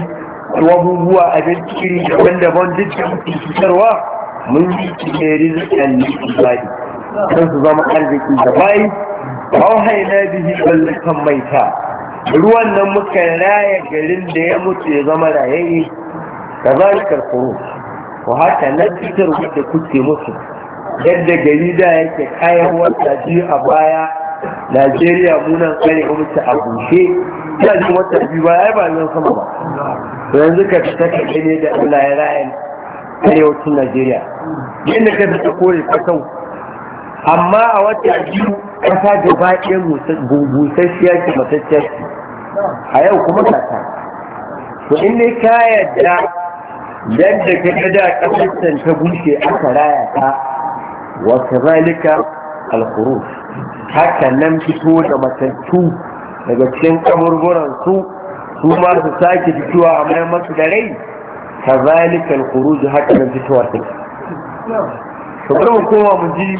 [SPEAKER 1] abubuwa abinci iri daban-daban duk da muke fitarwa mun yi ne rizikin likin bayi kan su zama arziki da bayi kawai na bihi ballakan maita ruwan nan muka raya garin da ya mutu ya zama rayayi za ni kuro ko haka na fitar wadda kuke musu yadda gari da yake kayan wata biyu a baya najeriya munan kare mutu a bushe ya ji wata biyu ba ya ba ruwan sama ba yanzu ka fita ka gane da allah ya raya arewacin najeriya yadda ka fita kore kasau amma a wata biyu kasa da baƙin busasshiya ce ce a yau kuma kasa to in ne ka yadda yadda ka gada ƙasar ta bushe aka raya ta wata zalika alkuru. haka nan fito da matattu daga cikin kaburburan su su ma su sake fitowa a mayan masu da rai كذلك الخروج حتى kowa mu ji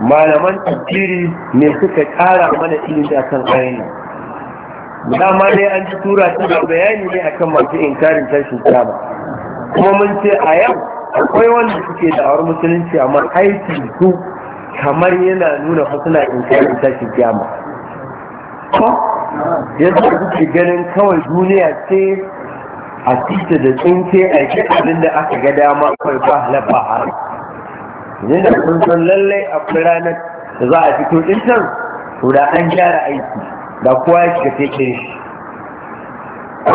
[SPEAKER 1] malaman malaman ما suka suka mana mana a kan kan غيرنا dama dai an ji tura ta da bayani ne akan masu inkarin tashin kiyama kuma mun ce a yau akwai wanda suke da'awar musulunci amma aiki su kamar yana nuna fa suna inkarin tashin kiyama ko yadda kuke ganin kawai duniya ce a titi da tsinke a yi abin da aka ga dama akwai ba na ba har idan da kun san lallai a ranar da za a fito din can to da an gyara aiki da kowa ya shiga tekin shi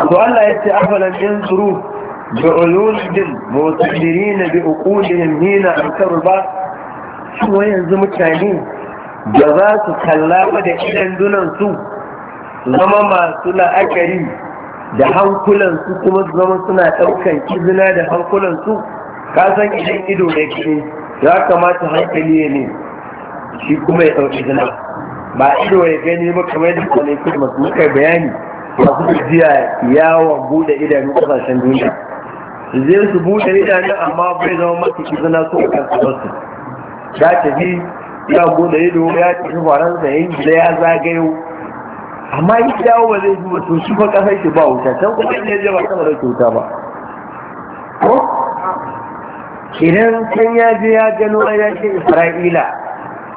[SPEAKER 1] to Allah ya ce afalan da bi uku da bi'uqulihim hina ankaru ba shi yanzu mutane da za su kalla da idan dunan su zama masu la'akari da hankulansu kuma zama suna ɗaukan izina da hankulansu ka san idan ido na gini ya kamata hankali ya ne shi kuma ya ɗauki izina ba ido ya gani ba kamar da kone kuma masu muka bayani masu jiya yawon buɗe idanu ƙasashen duniya zai su buɗe idanu amma bai zama masu izina so a kan su ya tafi ya buɗe ido ya tafi faransa ya yi ya zagayo amma yi dawo ba zai zuwa to shi fa kasar shi ba wuta can kuma in yaje ba kamar da wuta ba ko idan can ya je ya gano a yake isra'ila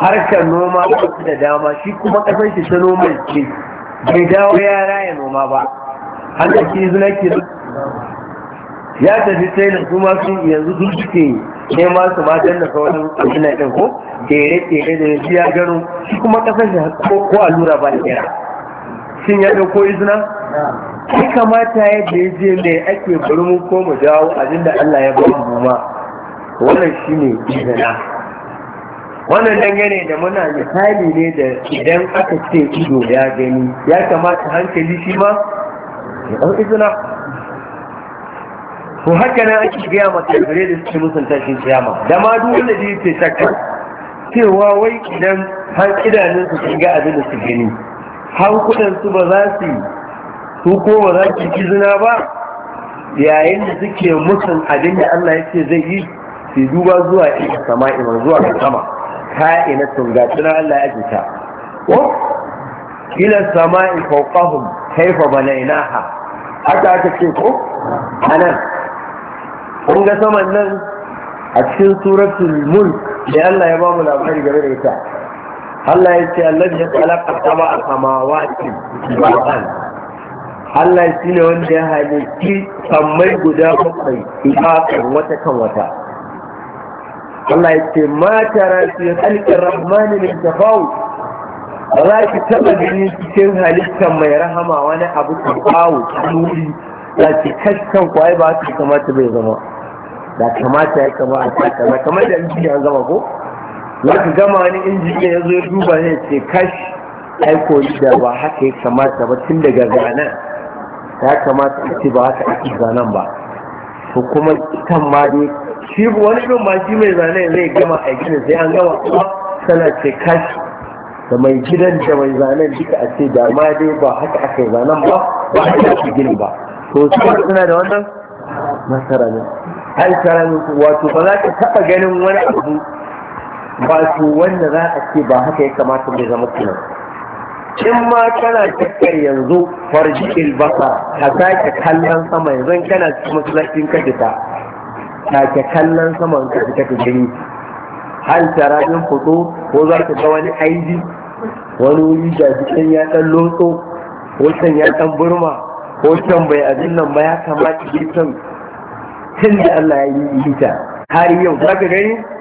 [SPEAKER 1] harkar noma ba su da dama shi kuma kasar shi ta noma ce bai dawo ya raya noma ba hanga shi zuna ke ya tafi sai da kuma sun yanzu duk suke nema su matan da sauran abin nan ko tere-tere da ya gano shi kuma kasar shi ko allura ba da kera shin ya ɗauko izina ya kamata yadda ya je mai ake bari mu ko mu dawo abinda Allah ya ba mu ma wannan shi ne izina wannan dangane da muna misali ne da idan aka ce ido ya gani ya kamata hankali shi ma ya ɗau izina ko haka nan ake gaya mata gare da suke musun tashin kiyama da ma duk wanda da yake shakka cewa wai idan har idanunsu sun ga abin da su gani hankulansu ba za su su ko ba za ki izina ba yayin da suke musun abin da Allah ya ce zai yi su duba zuwa iya sama iman zuwa ga sama ta ina ga tuna Allah ya jita ko ila sama in fawqahum kaifa banainaha haka aka ce ko anan kun ga saman nan a cikin suratul mulk da Allah ya ba mu labari game da ita Allah ya ce Allah ya tsala sama a samawati ba'an Allah shi ne wanda ya halitti sammai guda bakwai ibakan wata kan wata Allah ya ce ma tara ya khalqir rahmani ne tafawut ba za ki taɓa ganin cikin halittar mai rahama wani abu ta kawo nuri za ki kaskan kwaye ba su kamata bai zama da kamata ya kama a kamar da miji an zama ko zaka gama wani injiniya ya zo ya duba ne ce kashi aiko da ba haka ya kamata ba tun daga zanen ya kamata a ce ba haka ake zanen ba ko kuma kan ma dai shi wani bin ma shi mai zane zai gama ne sai an gama kuma sana ce kashi da mai gidan da mai zanen duka a ce da ma dai ba haka aka zanen ba ba haka ake gini ba to su suna da wannan masara ne ai wato ba za ka taɓa ganin wani abu su wanda za a ce ba haka ya kamata mai zama kinan in ma kana cikin yanzu farji ilbasa ka sake kallon sama yanzu kana cikin masalacin ka fita sake kallon sama ka fita ka gani hal tara min fito ko za ka ga wani aibi wani wuri da jikin ya dan lotso ko can ya dan burma ko can bai abin nan ba ya kamata ya san tun da Allah ya yi ta har yau za ka gani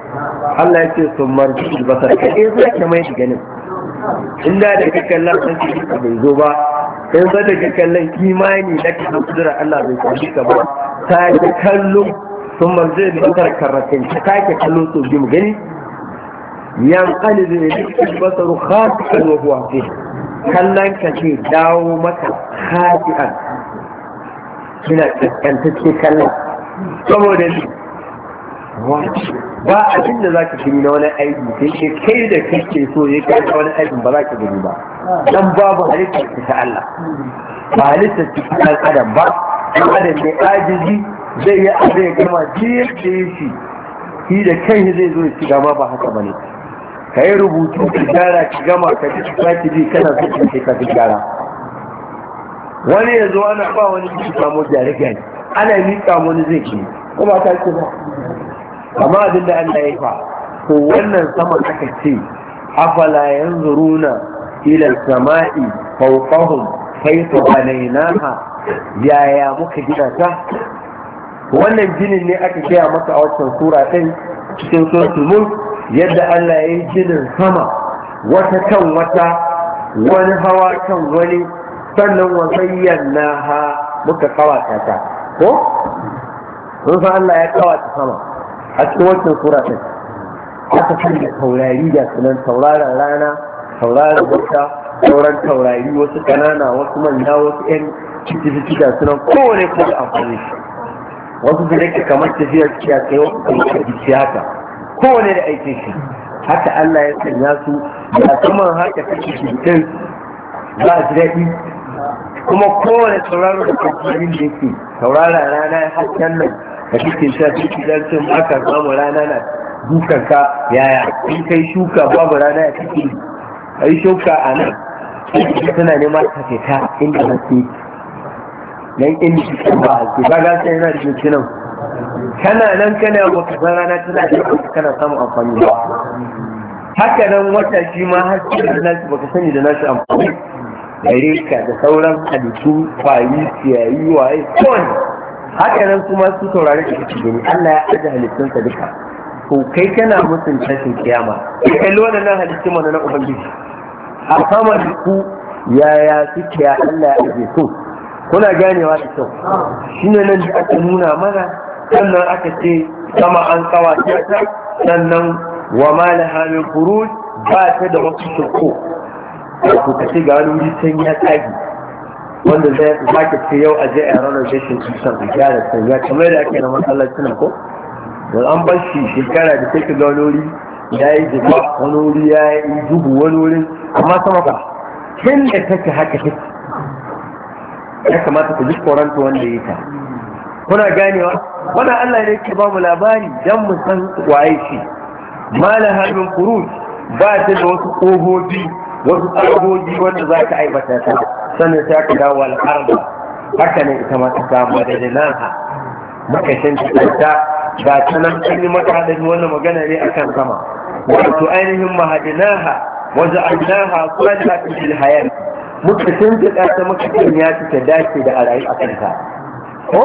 [SPEAKER 1] Allah ya ce sun marci basar ka ɗaya za ka mai ganin in da da ka kallon san ki bai zo ba in za da ka kallon kimani da ka kudura Allah bai kwashi ka ba ta ke kallon sun marci basar karrakin ta ke kallon sau biyu gani yan kalilin da ya basaru khasikan wa huwa fi kallon ka ce dawo maka khasikan kina take kallon saboda ba cikin da za ka gani na wani aiki sai ke kai da kake so ya kai da wani aiki ba za ka gani ba dan babu halittar ki ta Allah ba halittar ki ta adam ba dan adam ne ajiji zai yi abin ya gama jiya da ya shi shi da kai zai zo ya ci gama ba haka bane ka yi rubutu ki gyara ki gama ka ji ki ji kana so ki ka gyara wani ya zo ana ba wani ki samu gyare gyare ana miƙa wani zai ki kuma ta ce ba amma abin da Allah ya fa ko wannan sama aka ce afala yanzuruna ila sama'i fawqahum kayfa banaynaha yaya muka gina ta wannan ginin ne aka kiya masa a waccan sura ɗin cikin suratul mulk yadda Allah ya yi ginin sama wata kan wata wani hawa kan wani sannan wa zayyana ha muka kawata ta ko sun san Allah ya kawata sama a cikin wancan sura ɗin aka sanya taurari da sunan tauraron rana tauraron wata sauran taurari wasu ƙanana wasu manya wasu ƴan ciki-ciki da sunan kowane ko da amfani wasu da nake kamar tafiyar ciya kai wasu kamar tafiya haka kowane da aikin shi haka Allah ya sanya su da saman haka take cikin ba a daɗi kuma kowane tauraro da kamfanin da yake tauraron rana hasken nan a cikin ta cikin zancin aka samu rana na dukan ka yaya in kai shuka babu rana ya cikin a yi shuka a nan tana nema ta fita inda na ce nan inda ta ba a ce ba ga sai yana da jikinan kana nan kana yawa ka san rana tana da kana samun amfani ba haka nan wata shi ma har ce da nasu baka sani da nasu amfani gare ka da sauran halittu kwayi ciyayi waye kowane haka nan kuma su saurari da kake gani Allah ya aje halittunsa duka ko kai kana musun tashin kiyama kai lona nan halittun mana na ubangiji a kama ku yaya suke ya Allah ya aje su kuna ganewa da kyau shine nan da aka nuna mana sannan aka ce kama an kawa ta sannan wa malaha min furuj ba ta da wasu shakku ko ka ce ga wani wuri tsagi wanda zai sake ce yau a je a ranar rashin cutar da gyara ta ya kamar da ake Allah matsalacin ko Wani an bar shi shekara da take ga wani ya yi jiba wani wuri ya yi dubu wani wuri amma sama ba tun da take haka take ya kamata ku ji koranta wanda ya yi ta kuna ganewa wannan Allah ne ke ba mu labari dan mu san waye shi mala halin furuj ba ta da wasu ƙofofi wasu tsagogi wanda za ka aibata ta sannan sai ka dawo al'arba haka ne ita ma samu da jinaha makashin cikinta ga ta nan an yi maka haɗari wannan magana ne akan sama wato ainihin ha wanda kuma da fil hayat muka tuntuɗa ta makashin ya ta dace da a rayu a kanta ko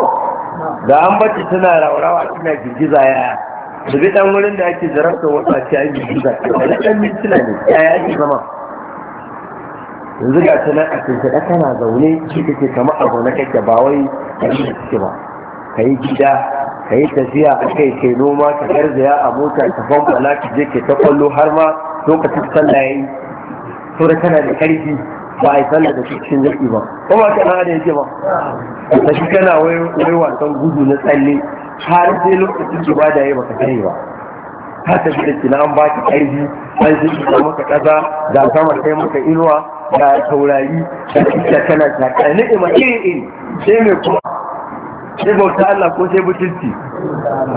[SPEAKER 1] da an bace tana raurawa tana girgiza yaya da bi dan wurin da ake jarabta wata ce an girgiza ta da dan mintuna ne yaya ake zama yanzu ga ta nan a tuntuɗa kana zaune shi kake kama a zaune kake ba wai a yi ciki ba ka yi gida ka yi tafiya a kai kai noma ka garzaya a mota ka fanfala ka je ke ta kwallo har ma lokacin sallah ya yi saboda kana da karfi ba a yi sallah da cikin zaki ba kuma ka kana da yake ba ta shi kana wai wasan gudu na tsalle har sai lokacin ki ba da yayi baka sani ba ka tafi da kina an baki karfi an zai maka kaza da sama sai maka inuwa ga taurari da kika kana ta ni'ima iri iri sai mai kuma sai bauta Allah ko sai butulci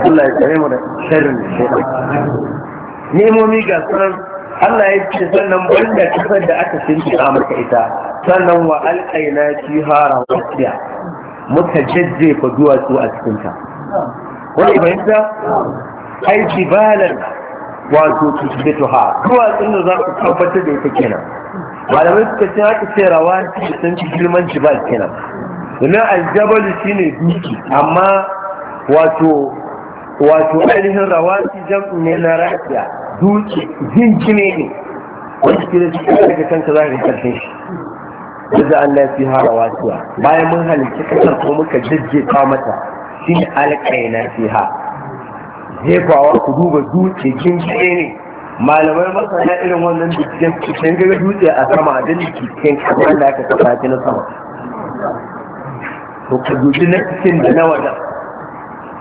[SPEAKER 1] Allah ya tsare mu da ne shaitan nemomi ga sunan Allah ya ce sannan da kasar da aka shirki a maka ita sannan wa al'aina fi hara wasiya muka jajjefa su a cikinta wani fahimta ai jibalan wato tushbituha sun da za ku tabbatar da ita kenan malamai suka ce haka ce rawa sun ci girman jibal kenan domin aljabalu ne duki amma wato wato ainihin rawasi jam'i ne na rafiya duki jinjine ne Wani ke da cikin daga kanka za ka karshen shi da Allah fi hara wasuwa bayan mun halicci kasar ko muka jajjefa mata shi ne alƙaina fi ha jefawa ku duba dutse jinjine ne malamai masana irin wannan binciken cikin gaba dutse a sama a dalil cikin kasar da aka kasa na sama to ka dutse na cikin da na wajen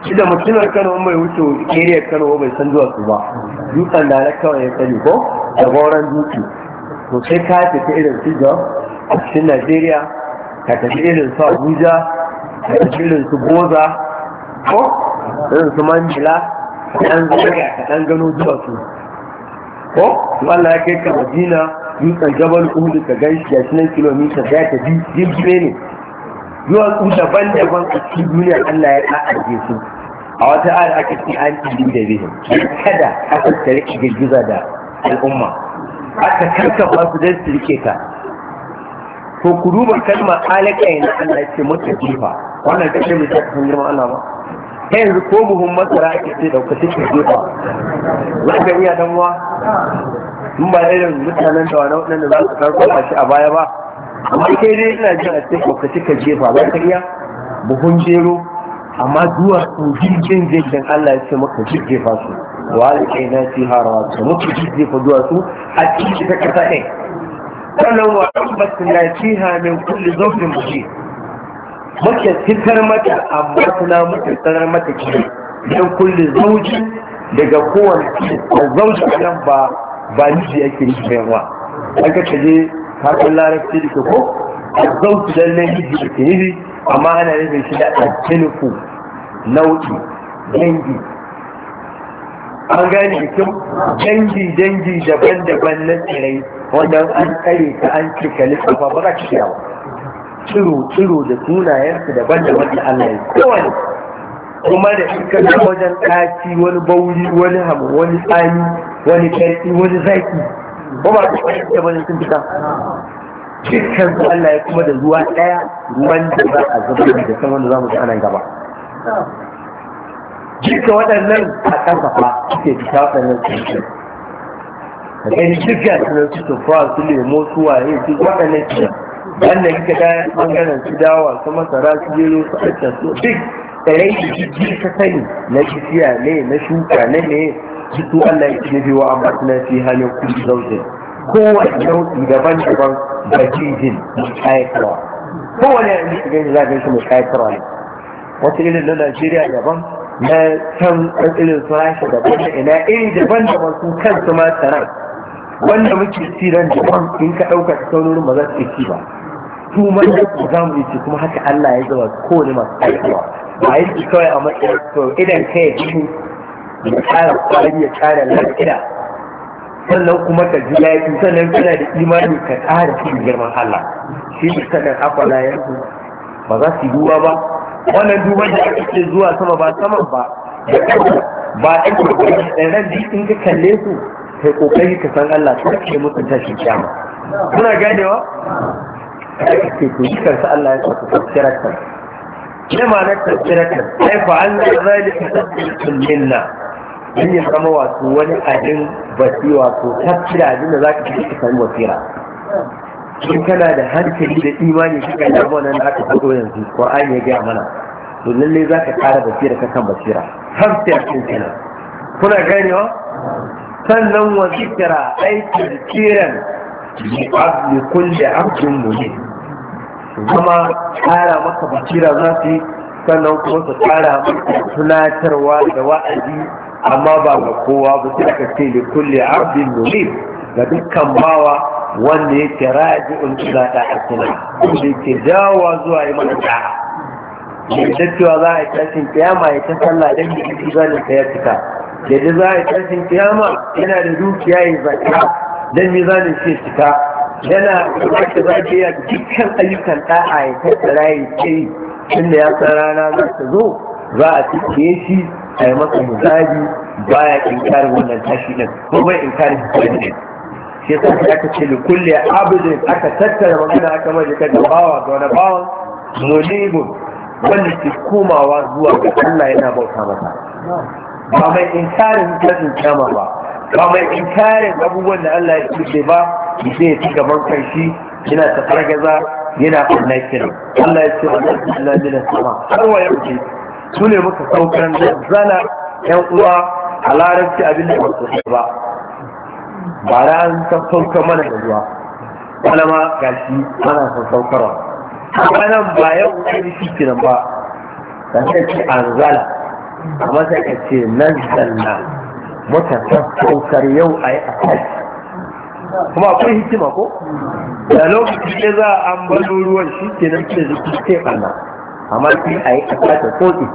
[SPEAKER 1] shi da mutumin kano mai wuce keriyar kano bai san zuwa su ba dutsen da na kawai ya sani ko da gauran dutse to sai ka ta irin su ga a cikin najeriya ka tafi irin su abuja ka tafi irin su boza
[SPEAKER 4] ko irin
[SPEAKER 1] su mandila ka ɗan zuwa ka ɗan gano zuwa su ko Allah ya kai ka Madina dutsen Jabal Uhud ka gan shi gashi nan kilomita da ta bi jirgi ne zuwa su daban-daban a cikin duniya Allah ya ƙa'arge su a wata ayar aka ce an tibi da bihin kada aka tsare girgiza da al'umma aka karkafa su don su rike ka ko ku duba kalmar alaƙa yana Allah ya ce mata jifa wannan kashe mai ta kan girman Allah ba ta yanzu ko buhun masara ake ce daukacin ke jefa za ka iya damuwa in ba irin mutanen da wani waɗanda za su karko shi a baya ba amma kai dai ina jin a cikin ɗaukaci ka jefa ba ka iya buhun jero amma zuwa su jirgin jirgin Allah ya ce maka jefa su wa alƙai na fi harawa su mutu jefa zuwa su a cikin ta ƙasa ɗaya sannan wa ɗan basu na fi hamin kulle zaufin buji muke fitar mata amma suna muke sanar mata ke don kulle zauji daga kowane a zauji nan ba ba miji yake yi An aka ka je harkar larabci da ke ko a zauji don nan miji da ke yi amma ana nufin shi da alfiniku nau'i dangi an gane kyau dangi dangi daban-daban na tsirai wannan an tsare ka an cika lissafa ba za ka shi yawa ciro-ciro da sunayensu daban da wani Allah ya kowane kuma da shi kan wajen ɗaci wani bauri wani hamu wani tsani wani ƙarfi wani zaki ba ba kuma shi da wani sun cikin su Allah ya kuma da ruwa ɗaya ruwan da za a zubar da san wanda za mu ji anan gaba jika waɗannan a ƙasa fa suke fita waɗannan su ka gani dukkan su ne su tufa su lemo su waye su waɗannan cikin. wanda kika gaya bangaren su dawa su masara su jero su acca su duk tsirai da jiki ka sani na jikiya ne na shuka ne ne jitu Allah ya ci ne biwa amma suna fi halin kuɗi zaujin kowane nau'i daban-daban bajijin mutayarwa kowane yanzu su gani za ka shi mutayarwa ne wata irin na Najeriya daban na can ɗan irin su rasha daban na ina iri eh, daban-daban su kansu ma tsaron wanda muke tsiran daban in ka ɗauka ta saunorin ba za su ci ba su mallaki za mu ce kuma haka Allah ya zama kowane masu aikawa ba yi su kawai a matsayin to idan ka yi jihu ya tsara kwari ya tsara lafiya sannan kuma ka ji lafi sannan kana da imani ka tsara shi girman Allah shi ne sanar akwala yanzu ba za su duba ba wannan duban da ake zuwa sama ba saman ba ba ake da in ka kalle su kai kokari ka san Allah ta ke mutunta shi kyama kuna ganewa ake to yi karsa Allah ya saka tafsiratan ne ma na tafsiratan ai fa Allah zalika tafsiratan minna in ya zama wato wani abin basi wato tafsira abin da za ka yi ka sami wasira in kana da hankali da imani kika yi wannan da aka faɗo yanzu Qur'ani ya gaya mana to lalle za ka ƙara basira ka kan basira tafsir din kenan kuna ganewa sannan wa zikra aikin kiran li kulli abdin mulim zama kara maka basira za su yi sannan kuma su kara maka tunatarwa da wa'azi amma ba ga kowa ba sai aka ce da kulle abin mulim ga dukkan bawa wanda ya yake raji'un ta asina da ke dawowa zuwa yi mana da yadda cewa za a yi tashin kiyama ya ta sallah don da shi zane ka ya fita yadda za a yi tashin kiyama yana da dukiya ya zaka don yi mizanin shi fita yana kamata za ta yi dukkan ayyukan ɗa'a ya tattara ya ce da ya san rana za ta zo za a cike shi a yi masa misali baya inkarin wannan tashi ɗin ko bai inkarin hisari ɗin shi yasa sai aka ce likulli abudin aka tattara magana aka mai kan da bawa ga wani bawan munibun wanda ke komawa zuwa ga Allah yana bauta masa ba mai inkarin hisarin kyama ba ba mai inkarin abubuwan da Allah ya ce ba mutum ya ci gaban kanshi yana tafar gaza yana kunna kiran Allah ya ce wa Allah bin sama har wa yau ce su ne muka saukar zana yan uwa a larabci abin da ba su ba ba da an saukar mana da zuwa. wani ma gashi ana saukarwa wannan ba yau wani shi kiran ba da sai ce an zala amma sai ka ce nan zanna muka saukar yau a yi a kai kuma akwai hikima ko da lokacin da za a ambalo ruwan shi ke nan ce zuki sai ɓanna amma fi a yi ƙasa ta tsotsi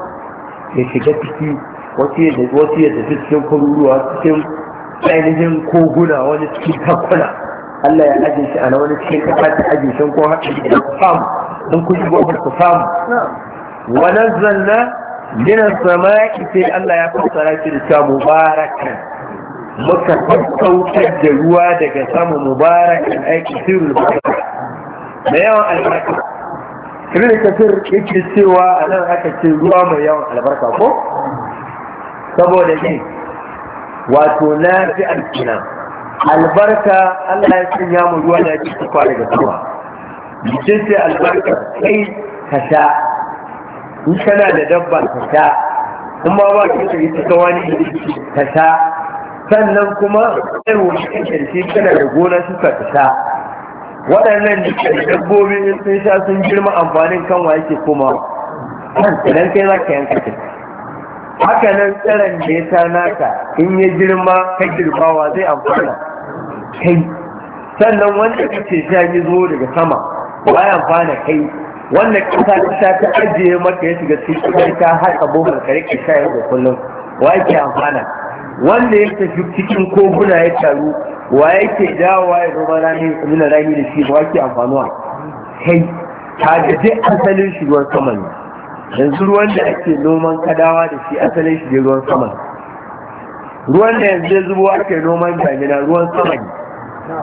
[SPEAKER 1] ya shiga ciki wasu ya tafi cikin kururuwa cikin ainihin koguna wani cikin tankuna Allah ya ajiye shi a na wani cikin ƙasa ta ajiye shi ko haɗa da ku samu don ko shigo ku samu zanna gina min as-sama'i sai Allah ya fassara shi da cewa mubarakan muka saukar da ruwa daga sama mubarakin aiki da barka mai yawan albarka sirrul kafir yake cewa a nan aka ce ruwa mai yawan albarka ko saboda ne wato na fi alkinan albarka allah ya sanya mu ruwa na ci tufa daga sama mutum sai albarka kai ka sha in kana da dabba ka sha kuma ba ka yi ta kawani ka sha sannan kuma tsaro kasance kana da gona suka ta sha waɗannan dabbobi in sun sha sun girma amfanin kanwa yake kuma idan kai za ka yanka ta haka nan tsaron da ya sa naka in ya girma ka girbawa zai amfana kai sannan wanda kake sha ya zo daga sama ba ya amfana kai wanda kasa ta sha ta ajiye maka ya shiga cikin ta haƙa bohar kare rike sha yau da kullum wa yake amfana wanda ya tafi cikin koguna ya taru wa yake dawowa ya zama rami nuna rami da shi ba ke amfanuwa kai ta gaje dai asalin shi ruwan sama ne yanzu ruwan da ake noman kadawa da shi asalin shi ruwan sama ruwan da yanzu ya zubo ake noman damina ruwan sama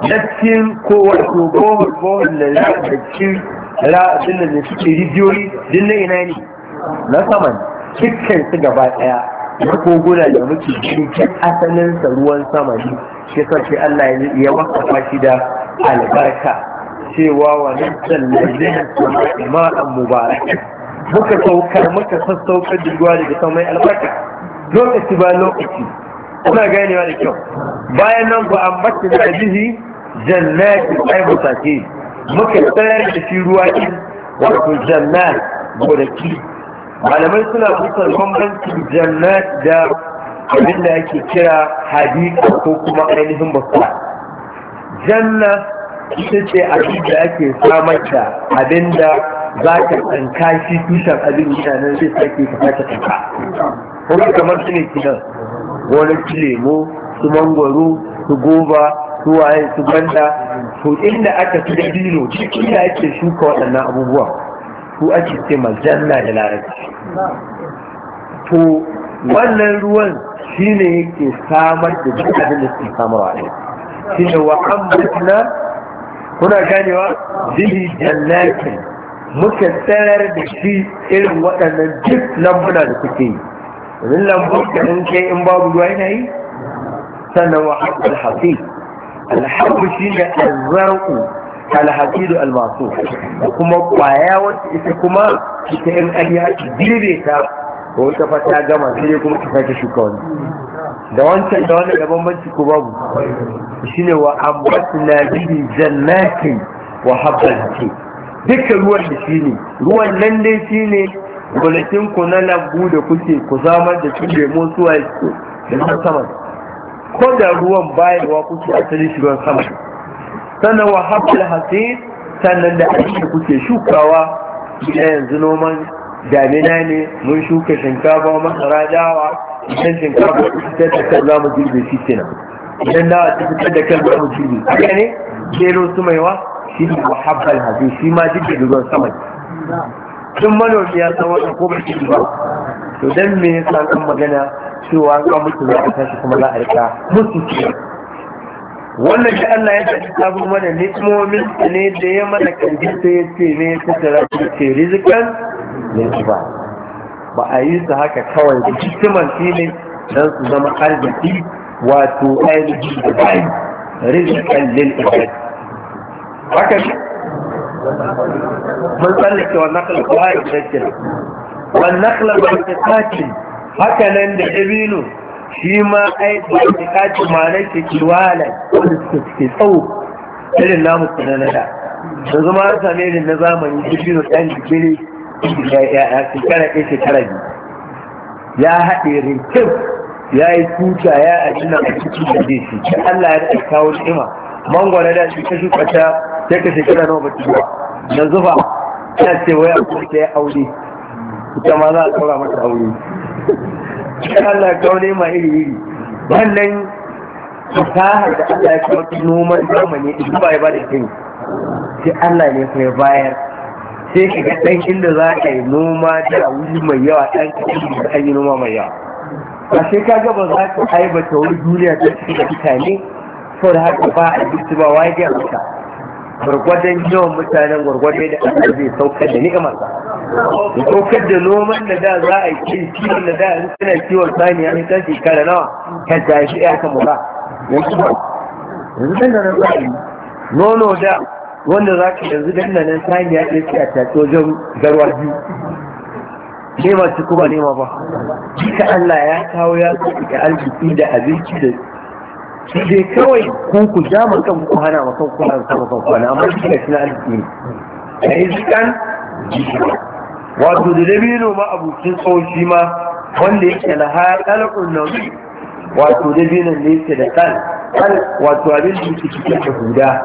[SPEAKER 1] ne cikin wato bohol bohol da za da cikin ra'adun da suke rijiyoyi din na ina ne na saman cikin su gaba daya na koguna da muke gani ta asalin sa ruwan sama ne shi sai Allah ya wakafa shi da albarka cewa wa nazzal ladina ma'an mubarak muka saukar muka sassaukar da ruwa daga sama mai albarka lokaci ba lokaci kuna ganewa da kyau bayan nan ba an bace da bihi jannati ay mutaki muka tsayar da shi ruwa wato jannat gonaki malamai suna kusur bambancin jannat da abin da ake kira hadika ko kuma ainihin basira janna ita ce abin da ake samarta da abin da za ka tsanka shi tushen abin nan zai sake ka sake tsanka kuma kamar su ne kinan wani su lemo su mangwaro su goba su waye su banda to inda aka fi da dino cikin da ake shuka waɗannan abubuwa su ake ce janna da larabci to wannan ruwan shine yake samar da duk abin da suke samarwa ne shine wa ambatna kuna ganewa bihi jannatin muka tsayar da shi irin waɗannan duk lambuna da kuke yi domin lambun da in kai in babu ruwa yana yi sannan wa haƙƙul hafi alhaƙu shi ne azzarku alhakidu almasu kuma kwaya wacce ita kuma ita in an ya girbe ta wata fata gama sai dai kuma ta sake shuka wani da wancan da wani ku bambanci ko babu shine wa na biyu jannatin wa habbal hake dukkan ruwan da shi ne ruwan nan dai shi ne gulatin ku na lambu da kuke ku samar da su lemo suwa da na sama ko da ruwan bayarwa kuke asali shi ruwan sama sannan wa hafil hasid sannan da ake kuke shukawa ina yanzu noman damina ne mun shuka shinkafa masara dawa idan shinkafa ta fitar da kan zamu girbe shi kenan idan dawa ta fitar da kan zamu girbe haka ne gero su maiwa shi ne wa hafil hasid shi ma duk da dugon sama tun manomi ya san wannan ko ba shi ba to dan me yasa kan magana cewa an kawo mutu za a tashi kuma za a rika musu
[SPEAKER 4] ce
[SPEAKER 3] wannan shi
[SPEAKER 1] Allah ya tafi sabon mana nikmomin ne da ya mana kanji sai ya ce ne ta tara su ce rizikan ne ba ba a yi su haka kawai da cikin filin don su zama arziki wato ainihi da bayi rizikan lil ibadi haka shi mun tsallake wa nakal ba'i da kira wa ba ba'i da haka nan da ibinu shi ma ai ba ta kaci malar ke kiwala wanda suka ke tsawo irin namu su na nada da zama an same irin na zamani su shi da ɗan digiri a shekara ɗaya shekara biyu ya haɗe rikin ya yi tuta ya ajina a cikin da zai shi ta Allah ya da kawo ni'ima mangwara da shi ta kwata ta sai ka shekara nawa ba ta zuwa na zuba ta ce wai a kuma ta yi aure ita ma za a ɗaura mata aure kan Allah wani ma iri iri wannan fasahar da Allah ya kawo noman zamani duk ba ya ba da sai Allah ne kuma ya bayar sai ka ga ɗan inda za ka yi noma da wuri mai yawa ɗan kaɗan da yi noma mai yawa ba sai ka ga ba za ka aibata wani duniya ta cikin da mutane saboda haka ba a yi ba wa ya gaya gwargwadon yawan mutanen gwargwadon da aka zai saukar da ni'imar ba da saukar da noman da da za a yi kiwon da da yanzu suna kiwon sani an shi, shekara nawa ka tashi ya kama mura yanzu ba yanzu da nan za yi nono da wanda za ka yanzu da nan sani ya ɗaya a tafi wajen garwa biyu nema ci kuma nema ba ka Allah ya kawo ya sauƙi arziki da abinci da sai kawai ku ku ja kan ku hana ma kan ku hana ma kan ku hana amma shi ne suna ne a yi zikan wato da dabino ma abokin tsoshi ma wanda yake da haƙalƙun nauyi wato dabinon da yake da kan kan wato abin da yake cikin da huda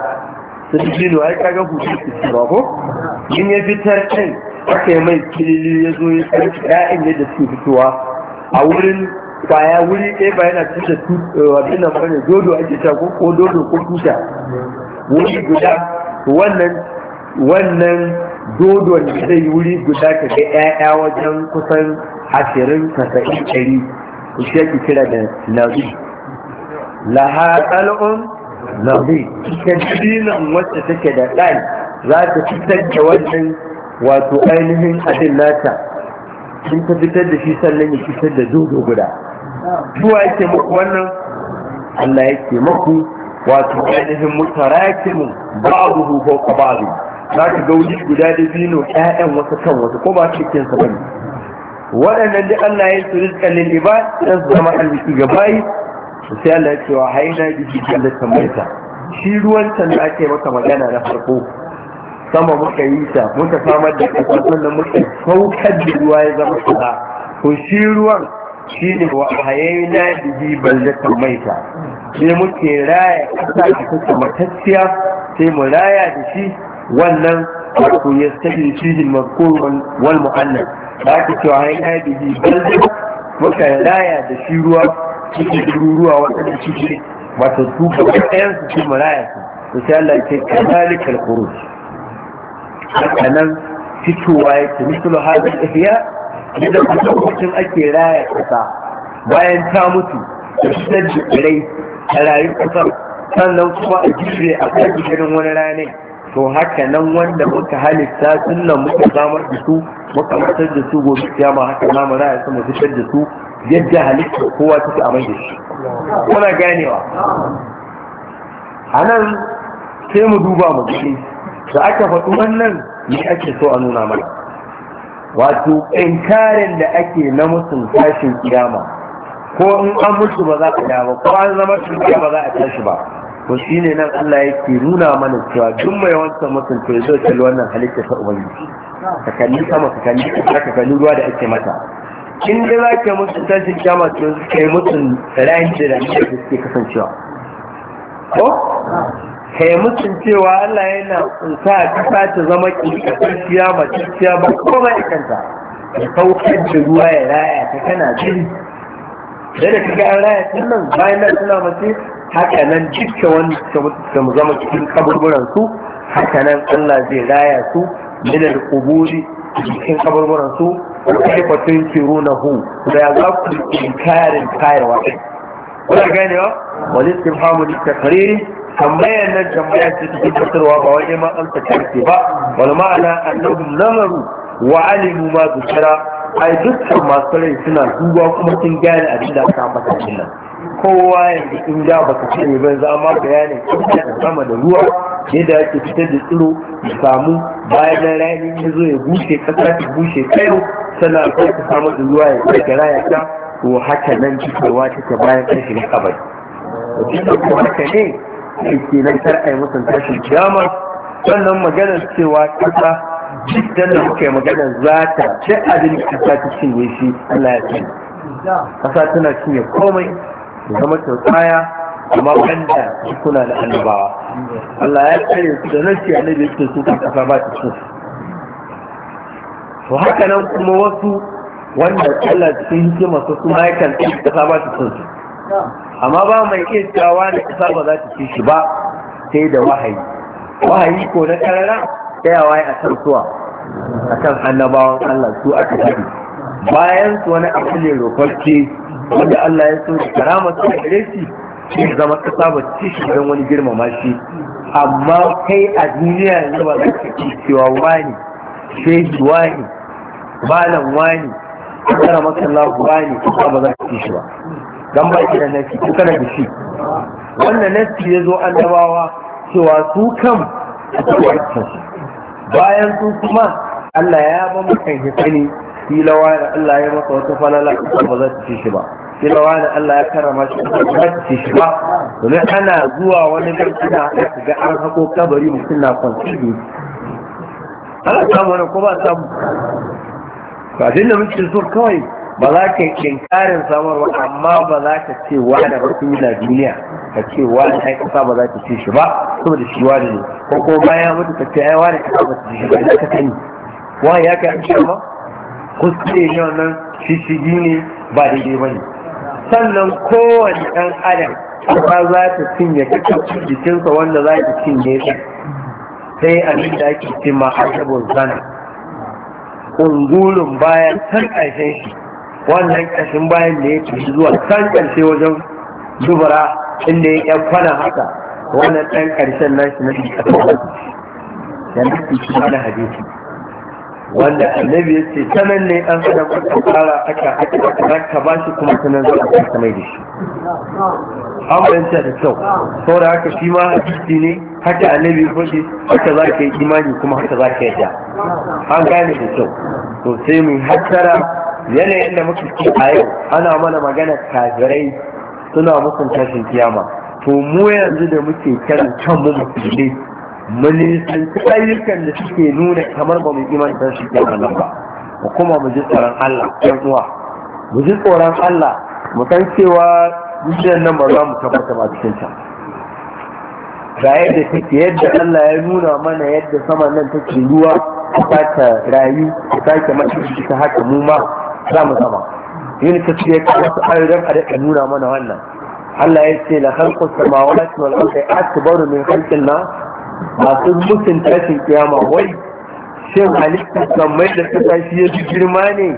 [SPEAKER 1] su dabino ai kaga hudu su ci ba ko in ya fitar kai, aka yi mai kilili ya zo ya san ya'yan yadda suke fitowa a wurin kwaya wuri ɗaya ba yana tushe abin nan bane dodo ake ta ko dodo ko tusha wuri guda wannan wannan dodon da zai wuri guda ka ga 'ya'ya wajen kusan ashirin tasa'in ɗari shi ke kira da nazi laha tsal'un nazi ita dinan wacce take da ɗan za ta fitar da wannan wato ainihin abin nata sun ka fitar da shi sannan ya fitar da dodo guda
[SPEAKER 4] zuwa yake muku
[SPEAKER 1] wannan Allah yake muku wato ainihin mutarakimu ba'duhu fawqa ba'd za ka ga wuri guda da bino ƴaƴan wasu kan wasu ko ba cikin sa bane waɗannan da Allah ya su rizkan lil ibad dan su zama arziki ga bayi sai Allah ya ce wa haina bihi jalla tamaita shi ruwan can da ake maka magana na farko sama muka yi ta muka samar da ƙasa sannan muka saukar da ruwa ya zama kaza ko shi ruwan shi ne wa hayayi na bihi ballatan maita sai muke raya ƙasa da kuka matacciya sai mu raya da shi wannan wato ya sabi fihi mazkur wal mu'annas da ake cewa hayayi na bihi ballatan muka raya da shi ruwa cikin ruwa waɗanda cikin wato su gaba ɗayan su su maraya su to sai Allah ce kazalik al-khuruj fitowa ya fitowa yake misalu hadal ihya yadda lokacin ake raya kasa bayan ta mutu da fitar da rai a rayu kasar sannan kuma a jire a kan jirin wani rane to haka nan wanda muka halitta nan muka samar da su muka matar da su gobe ma haka namu raya su mu fitar da su yadda halitta kowa take amai da shi kuna ganewa a nan sai mu duba mu gani da aka faɗi wannan ne ake so a nuna mana wato inkarin da ake na mutum tashin kiyama ko in an mutu ba za a ba, ko an zama shirya ba za a tashi ba to shine nan Allah yake nuna mana cewa duk mai wancan mutum to zai kalli wannan halitta ta ubangiji ka kalli sama ka kalli ƙasa ka kalli ruwa da ake mata in da za ka mutu tashin kiyama to kai mutum rayin da da suke kasancewa ko ka mutum cewa Allah yana sa kasa ta zama kirkatacciya matacciya ba kuma kanta ya saukar da ruwa ya raya ta kana jiri da da kaga an raya tun nan bayan nan suna mace haka nan dukkan wanda suka mu zama cikin kaburburan su haka nan Allah zai raya su min al-quburi cikin kaburburan su wa na hu, da ya za ku inkarin kayarwa kuna wa? wani hamuli ta kariri tambayar nan tambaya ce cikin fitarwa ba wani ma amsa ba wani ma'ana annahum nazaru wa alimu ma zukira ai dukkan masu rai suna duba kuma sun gane abin da aka mata nan kowa yanzu in ba ka sani ba za ma bayanin da sama da ruwa yadda ake fitar da tsiro ya samu bayan rani ya zo ya bushe kasa ta bushe kai sana sai ka samu da ruwa ya kai ga ta to haka nan cikewa take bayan an shiga kabari to cikin kuma haka ne ke nan kar a yi musun tashin kiyama sannan maganar cewa kasa duk da muka yi maganar za ta duk abin da kasa ta cinye shi Allah ya sani kasa tana cinye komai da zama tsaya amma wanda kuna da annabawa Allah ya tsare su da nashi annabi yake su kasa ba ta cin su haka nan kuma wasu wanda Allah cikin hikima su su kan ci ƙasa ba ta son su amma ba mai iya cewa na ƙasa ba za ta ci shi ba sai da wahayi wahayi ko na karara tsayawa a kan suwa a kan annabawan Allah su a tafi bayan su wani abu ne rokarce wanda Allah ya so da karama su a gare shi shi zama ƙasa ba ci shi don wani girmama shi amma kai a duniya yanzu ba za ka ci cewa wani shehi wani malam wani kana maka Allah ba ne ba za ka ci shi ba dan ba ki da nasi ko kana da shi wannan nasi ya zo annabawa cewa su kan bayan su kuma Allah ya ba mutan hisani filawa da Allah ya maka wata falala ba za ta ci shi ba filawa da Allah ya karama shi ba za ta ci shi ba domin ana zuwa wani lokaci na aka ga an hako kabari mutum na kwanci ana samu wani ko ba samu ba da muke so kawai ba za ka kinkarin samarwa amma ba za ka ce wa da ba yi na duniya ka ce wa da ai kasa ba za ka ce shi ba saboda shi wa da ne ko ko bayan mutu ka ce ai wa da kasa ba ta ce shi ba da ka sani wa ya ka yi ba kuskure wannan shishigi ne ba daidai ba ne sannan kowane ɗan adam ba za ta cinye kakkan jikinsa wanda za ta cinye sai abin da ake cin ma azabun zana ungulun bayan san ƙarshen shi wannan ƙashin bayan da ya tafi zuwa can ƙarshe wajen dubara inda ya ƴan kwana haka wannan ɗan ƙarshen nan shi na ɗin ƙasar yanzu su ci mana hadisi wanda annabi ya ce sanan ne an hada kuka tsara aka aka ba shi kuma sanan za a kasa mai da shi an bayanta da kyau saboda haka shi ma hadisi ne Hata annabi ya faɗi haka za ka yi imani kuma haka za ka yadda an gane da kyau to sai mu hattara yanayin da muka ci a yau ana mana magana kafirai suna musun tashin kiyama to mu yanzu da muke kiran kanmu musulmi mu nisanci ayyukan da suke nuna kamar ba mu imani tashin kiyama nan ba mu kuma mu ji tsoron Allah ɗan uwa mu ji tsoron Allah mu san cewa dukiyar nan ba za mu tabbata ba cikin ta ga yadda take yadda Allah ya nuna mana yadda sama nan take ruwa ta ta rayu ta ke ta haka mu ma za mu zama. yin ta ce wasu ayyukan a daɗa nuna mana wannan Allah ya ce la khalqu samawati wal ardi akbaru min khalqin na masu mutun tashin kiyama wai shin halitta kamar da ta tashi ya girma ne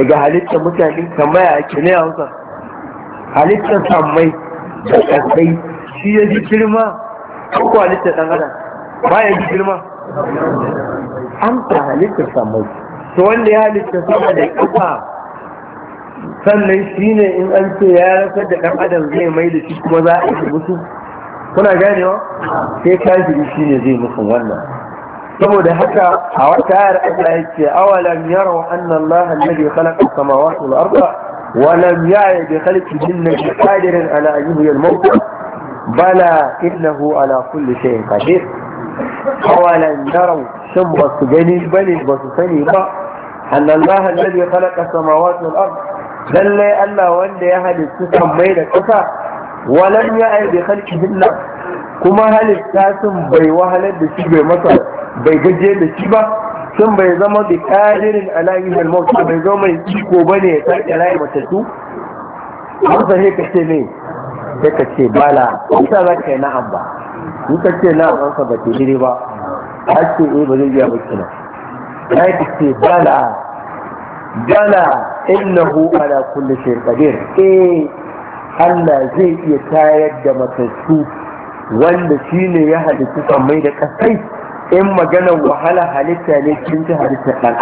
[SPEAKER 1] daga halittar mutane kamar ya ke ne a halittar sammai da kasai shi ya ji girma ko ko halittar dan adam baya ji girma an ta halittar samai to wanda ya halitta sama da kafa sannan ne in an ce ya rasa da dan adam zai mai da shi kuma za a yi musu kuna wa? sai kafiri ne zai musu wannan saboda haka a wata ayar Allah yake awalam wa anna Allah alladhi khalaqa as-samawati wal arda wa lam ya'i bi khalqihi jinna qadiran ala an yuhyil mawt bala innahu ala kulli shay'in qadir awalan yaraw shin ba su gani bane ba su sani ba anna Allah alladhi khalaqa samawati wal ard lalle Allah wanda ya halitta sammai da kasa walam ya'i bi khalqihinna kuma halitta sun bai wahalar da shi bai masa da shi ba sun bai zama bi qadirin ala yuhil bai zama mai iko bane ya sake rayu matattu an sahe ka ce ne sai ka ce bala ita za ka yi na'am ba in ka ce na'am an ka ba ke dire ba har ce eh ba zai biya ba kina sai ka ce bala bala innahu ala kulli shay'in qadir eh Allah zai iya tayar da matattu wanda shi ne ya halitta mai da kasai in maganar wahala halitta ne kin ta halitta ɗan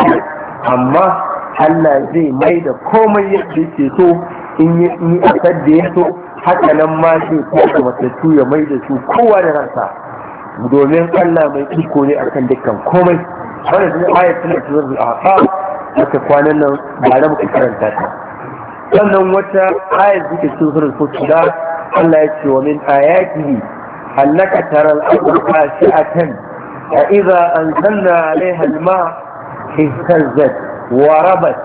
[SPEAKER 1] amma Allah zai mai da komai yadda yake so in yi asar da ya so haka nan ma shi ko matattu ya mai da su kowa da ransa domin Allah mai iko ne akan dukkan komai wannan ne ayat tana cikin al-ahqaf wata kwanan nan ba da muka karanta ta sannan wata ayat da ke cikin surat fusilat Allah ya ce wa min ayatihi annaka taral arda khashi'atan fa idza anzalna 'alayha al-ma'a ihtazzat wa rabat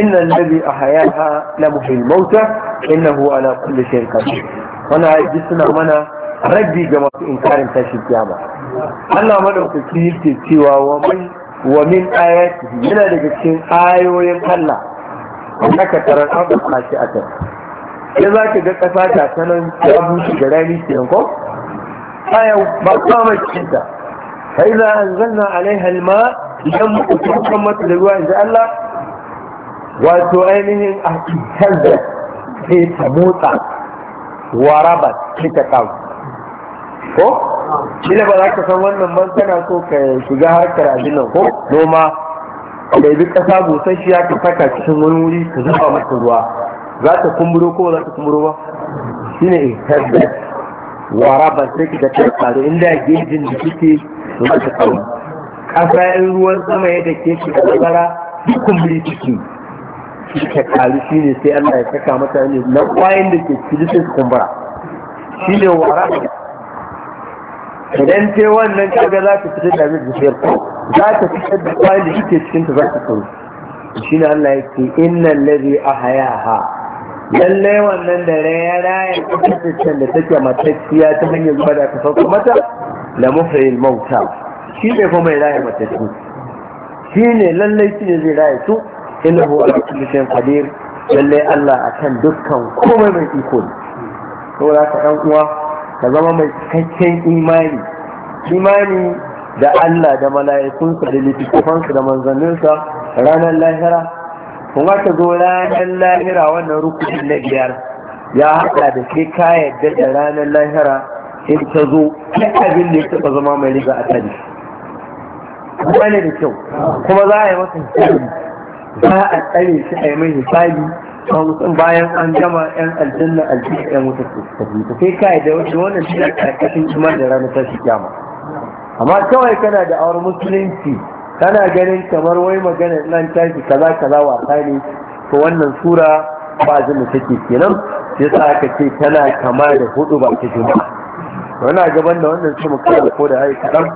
[SPEAKER 1] inna alladhi ahyaha la muhyil mauta innahu ala kulli shay'in qadir wannan ayi suna mana rabbi ga masu inkarin tashin kiyama Allah madaukaki yake cewa wa man wa min ayatihi yana daga cikin ayoyin Allah aka tarar an fara shi a kan sai za ka ga ƙasa ta sanan ta bushe ga rani ke ko ayan ba kama cikinta sai za a zanna alaiha alma idan muka kuma mata da ruwa inda Allah wato ainihin a canza sai ta motsa warabat sai ta kawo ko ne ba za ka san wannan ban tana so ka shiga harkar abin nan ko noma da bi kasa busasshiya ka saka cikin wani wuri ka zuba mata ruwa za ta kumburo ko za ta kumburo ba shine ihtaddat warabat sai ta kawo inda gejin da kike za ta kawo kasa in ruwan sama ya dake shi a tsara kumburi ciki shi ta karu shi ne sai Allah ya saka mata ne na kwayan da ke cikin su kumbura shi ne wara idan ce wannan kaga za ta fitar da abin da za ta fitar da da cikin ta za ta shi ne Allah ya ce innan lari a hayaha lallai wannan da raya da take matacciya ta hanyar zuwa da ka sauka mata la mauta shi ne kuma raya matacci shi ne lallai shi ne zai raya su innahu ala kulli shay'in qadir lalle Allah akan dukkan komai mai iko ne saboda ka dan uwa ka zama mai cikakken imani imani da Allah da mala'ikunsa da littattafansa da manzanninsa ranar lahira kuma ta zo ranar lahira wannan rukunin na biyar ya haɗa da sai ka yadda da ranar lahira in ta zo duk abin da ya zama mai riga a tare kuma ne da kyau kuma za a yi masa hisabi Ba a tsare shi a yi mai hisabi mutum bayan an gama yan aljanna aljanna yan wuta su tafi ta sai kai da wani wannan shi ne karkashin iman da ranar tashi kyama amma kawai kana da awar musulunci kana ganin kamar wai maganar nan tashi kaza kaza wasa ne to wannan sura ba jin take kenan sai sa aka ce tana kama da hudu ba ta juma'a wannan gaban da wannan su mu kada ko da ai kadan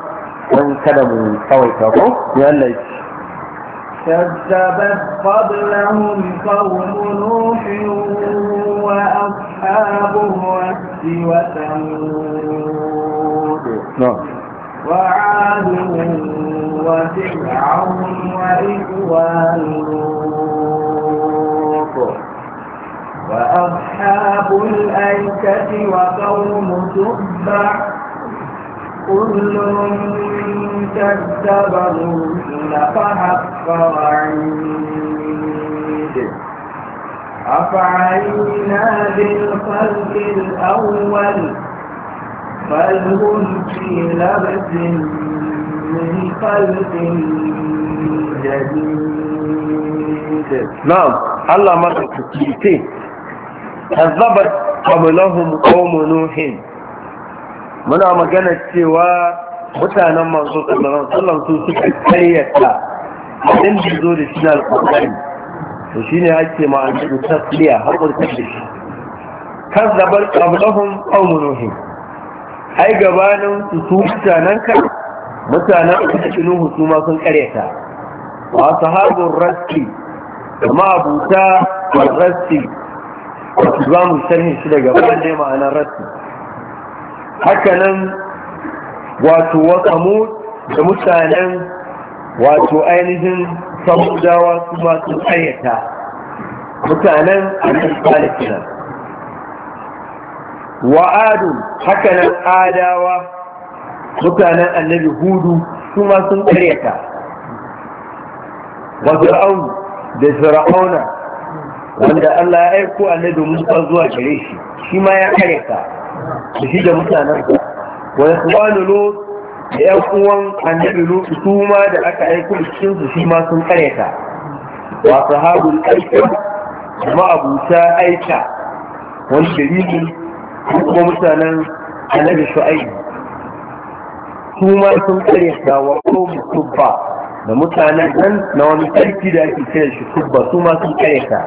[SPEAKER 1] dan kada mu kawai ta ko ya Allah
[SPEAKER 2] كذبت قبلهم قوم نوح وأصحاب الرس وثمود نعم. وعاد وفرعون وإخوان لوط وأصحاب الأيكة وقوم تبع كل كذب الرسل فحق وعيد أفعينا بالخلق الأول بل هم في لبس من خلق
[SPEAKER 1] جديد نعم الله مرة كذبت قبلهم قوم نوح muna magana cewa mutanen manzo sallallahu sallam su suka kayyata abin da zo da shi na alƙur'ani to shine ake ma an ta tasliya hakurta da shi kazzabar qablahum qaumun nuh ai gabanin su su mutanen ka mutanen nuh su ma sun karyata wa sahabur rasi kuma abuta rasi ba mu sharhi shi daga wannan ma'anar rasi hakanan wato wakamu da mutanen wato ainihin samudawa su masu ayyata mutanen annabi kenan wa adu hakanan adawa mutanen annabi hudu su ma sun karyata wa da fir'auna wanda Allah ya aiko annabi Musa zuwa gare shi shi ma ya karyata da shi da mutanen sa wa ikhwanu lut da yan uwan annabi lut su ma da aka aiko cikin su shi ma sun kareta wa sahabul aika ma abuta aika wani dalili kuma mutanen annabi shu'aib su ma sun kareta wa qawmi tubba da mutanen nan na wani sarki da ake kira shi tubba su ma sun kareta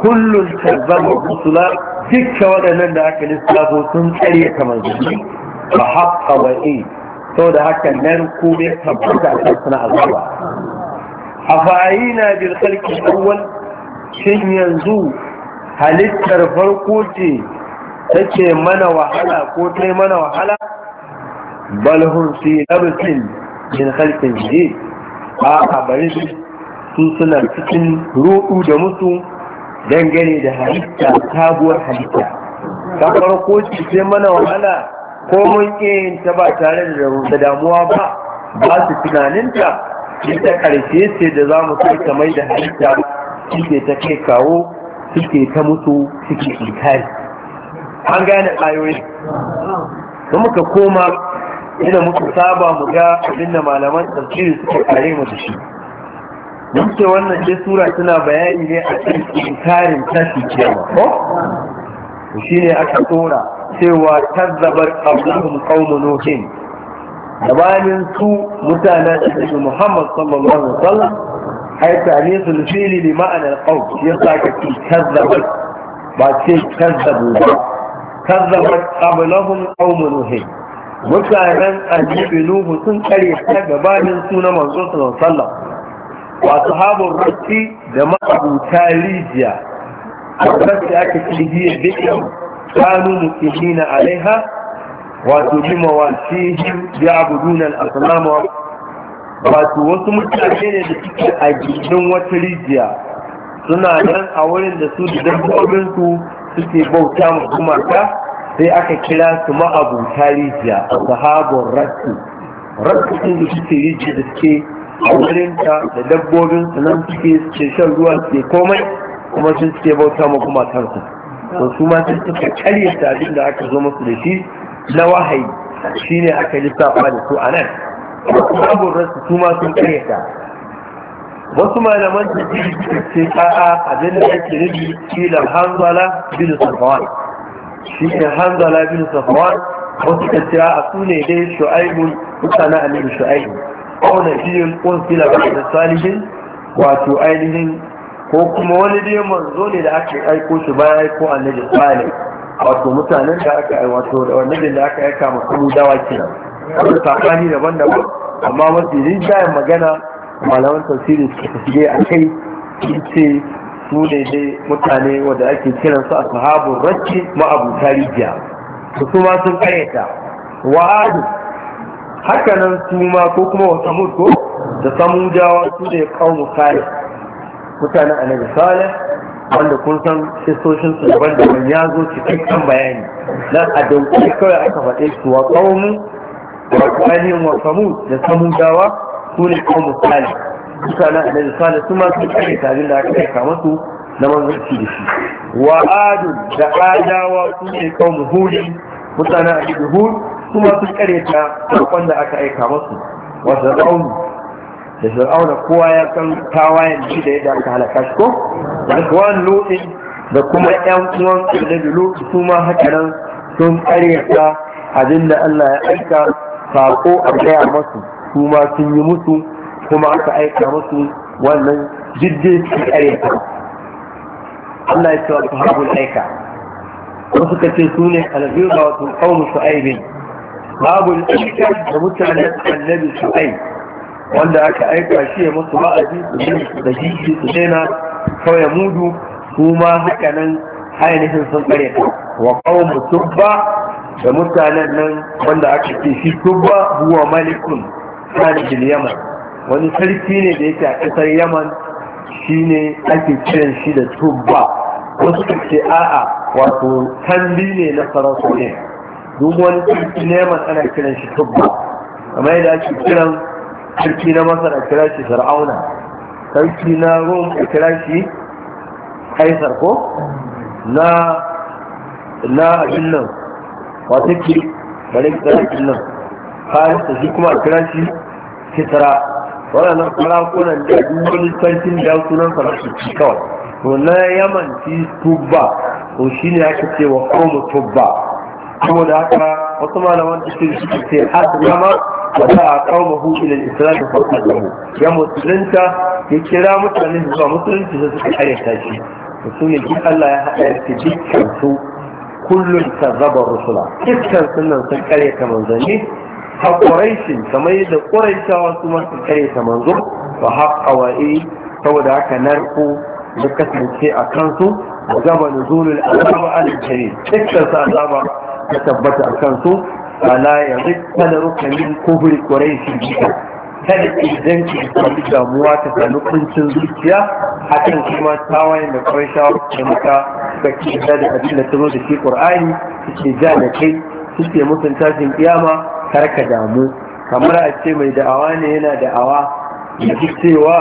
[SPEAKER 1] kullun kazzabu rusula dukkan waɗannan da aka lissafo sun tsare Ba zuci fa haqqa wa'i da haka nan ko bai tabbata a kan suna azaba na bil khalqi awwal shin yanzu halittar farko ce take mana wahala ko ta mana wahala bal hun fi labsin min khalqin jadid a bari su suna cikin ruɗu da musu dangane da halitta sabuwar halitta ta farko sai mana wahala ko mun yin ta ba tare da damuwa ba ba su tunaninta ita karshe ce da za mu kai ta mai da halitta suke ta kai kawo suke ta mutu suke ikari an gane ayoyi da muka koma ina muka saba mu ga abin da malaman tafsiri suke kare mu da shi yake wannan dai sura tana bayani ne a cikin inkarin tashi kiyama ko Shi ne aka tsora cewa kazzabar qablahum qaum nuhin gabanin su mutanen annabi Muhammad sallallahu alaihi wasallam ai tare su fili li ma'anar Ya yasa ka ci kazzabar ba ce kazzabu ba kazzabar qablahum qaum nuhin mutanen annabi nuhu sun kare ta gabanin su na manzo sallallahu alaihi wasallam wa sahabun rafi da ma'abuta rijiya rafi aka kirgiyar bikin kanu na alaiha wato bi mawasihim ya abu dunan asalama wato wasu mutane ne da suke a gidan wata rijiya suna nan a wurin da su da dabbobinsu suke bauta ma gumaka sai aka kira su ma'abuta rijiya sahabon rasu rasu sun da suke rijiya da suke
[SPEAKER 3] a wurinta
[SPEAKER 1] da dabbobin su nan suke suke shan ruwa suke komai kuma sun suke bauta ma kuma tarsa to su ma sun suka karyata abin da aka zo musu da shi na wahayi shine aka lissafa da su a nan babu rasu su ma sun karyata wasu malaman su ce a abin da ake nufi da hanzala bin safawan shi ne hanzala bin safawan wasu ka ce a su ne dai shu'aibun mutane annabi shu'aibu fiye nabiyin unsila ba'da salihin wato ainihin ko kuma wani dai manzo ne da aka aiko shi bayan aiko annabi salih wato mutanen da aka wato da wannan da aka aika ma kuma dawa kenan wanda sakani daban-daban amma mafi rinjayen magana malaman tafsiri suka tafi a kai ce su ne dai mutane wanda ake kiran su a sahabun racci ma'abuta rijiya su ma sun karyata wa'adu haka nan su ma ko kuma wata ko da samujawa su ne kawo mutane a nan salih wanda kun san sistoshin su daban da ya zo cikakken bayani na a dauke kawai aka faɗe su wa kawo wa kwanin wa samud da samujawa su ne kawo mutane a nan salih su ma su kare tarin da aka aika masu na manzanci da shi wa da adawa su ne kawo mu mutane a cikin hudu kuma sun kareta farkon da aka aika masu wa fir'aun da fir'auna kowa ya san tawayen ji da yadda aka halaka shi ko da ikwan lutin da kuma yan uwan annabi lutu su ma haka nan sun kareta abin da Allah ya aika sako a gaya masu su ma sun yi musu kuma aka aika musu wannan jirgin su kareta. Allah ya ce wa sahabul aika wasu kace su ne alghirba wa su shu'aibin babu da mutanen annabi shu'ai wanda aka aika shi ya musu wa'azi su da jiki su daina kawai mudu kuma haka nan ainihin sun tsare ta wa tubba da mutanen nan wanda aka ce shi tubba huwa malikun sanin yaman wani sarki ne da yake a ƙasar yaman shine ake kiran shi da tubba wasu ce a'a wato tambi ne na sarauta ne duk wani sarki na yaman ana kiran shi tubba kamar yadda ake kiran kirki na masar a kira shi fir'auna sarki na rom a kira shi kaisar ko na na abin nan wata ki bari ki tsara nan farisa shi kuma a kira shi kisra waɗannan sarakunan da duk wani sarkin da sunan sarki kawai to na yaman ci tubba to shine ake cewa qawmu tubba saboda haka wasu malaman da suke suke ce haslama za a kawo hu ila islam da farko da mu ya musulunta ya kira mutane zuwa musulunci da suka karyata shi su ne duk Allah ya haɗa ya ce dukkan su kullum ta zaba rusula dukkan sunan sun karyata manzanni a ƙuraishin kamar yadda ƙuraishawa su masu karyata manzo wa haƙawa'i saboda haka narko da kasance a kansu gaba da zulul azaba al-jari dukkan su azaba ya tabbata a kansu ala ya kada da rukamin kufuri kwarai shi jika kada idan ki sami damuwa ta sami kuncin zuciya hakan kuma tawayen da kurai shawar da muka ga ki da abin da ta da ke shi su suke ja da kai suke musun tashin kiyama ka damu kamar a ce mai da'awa ne yana da'awa da cewa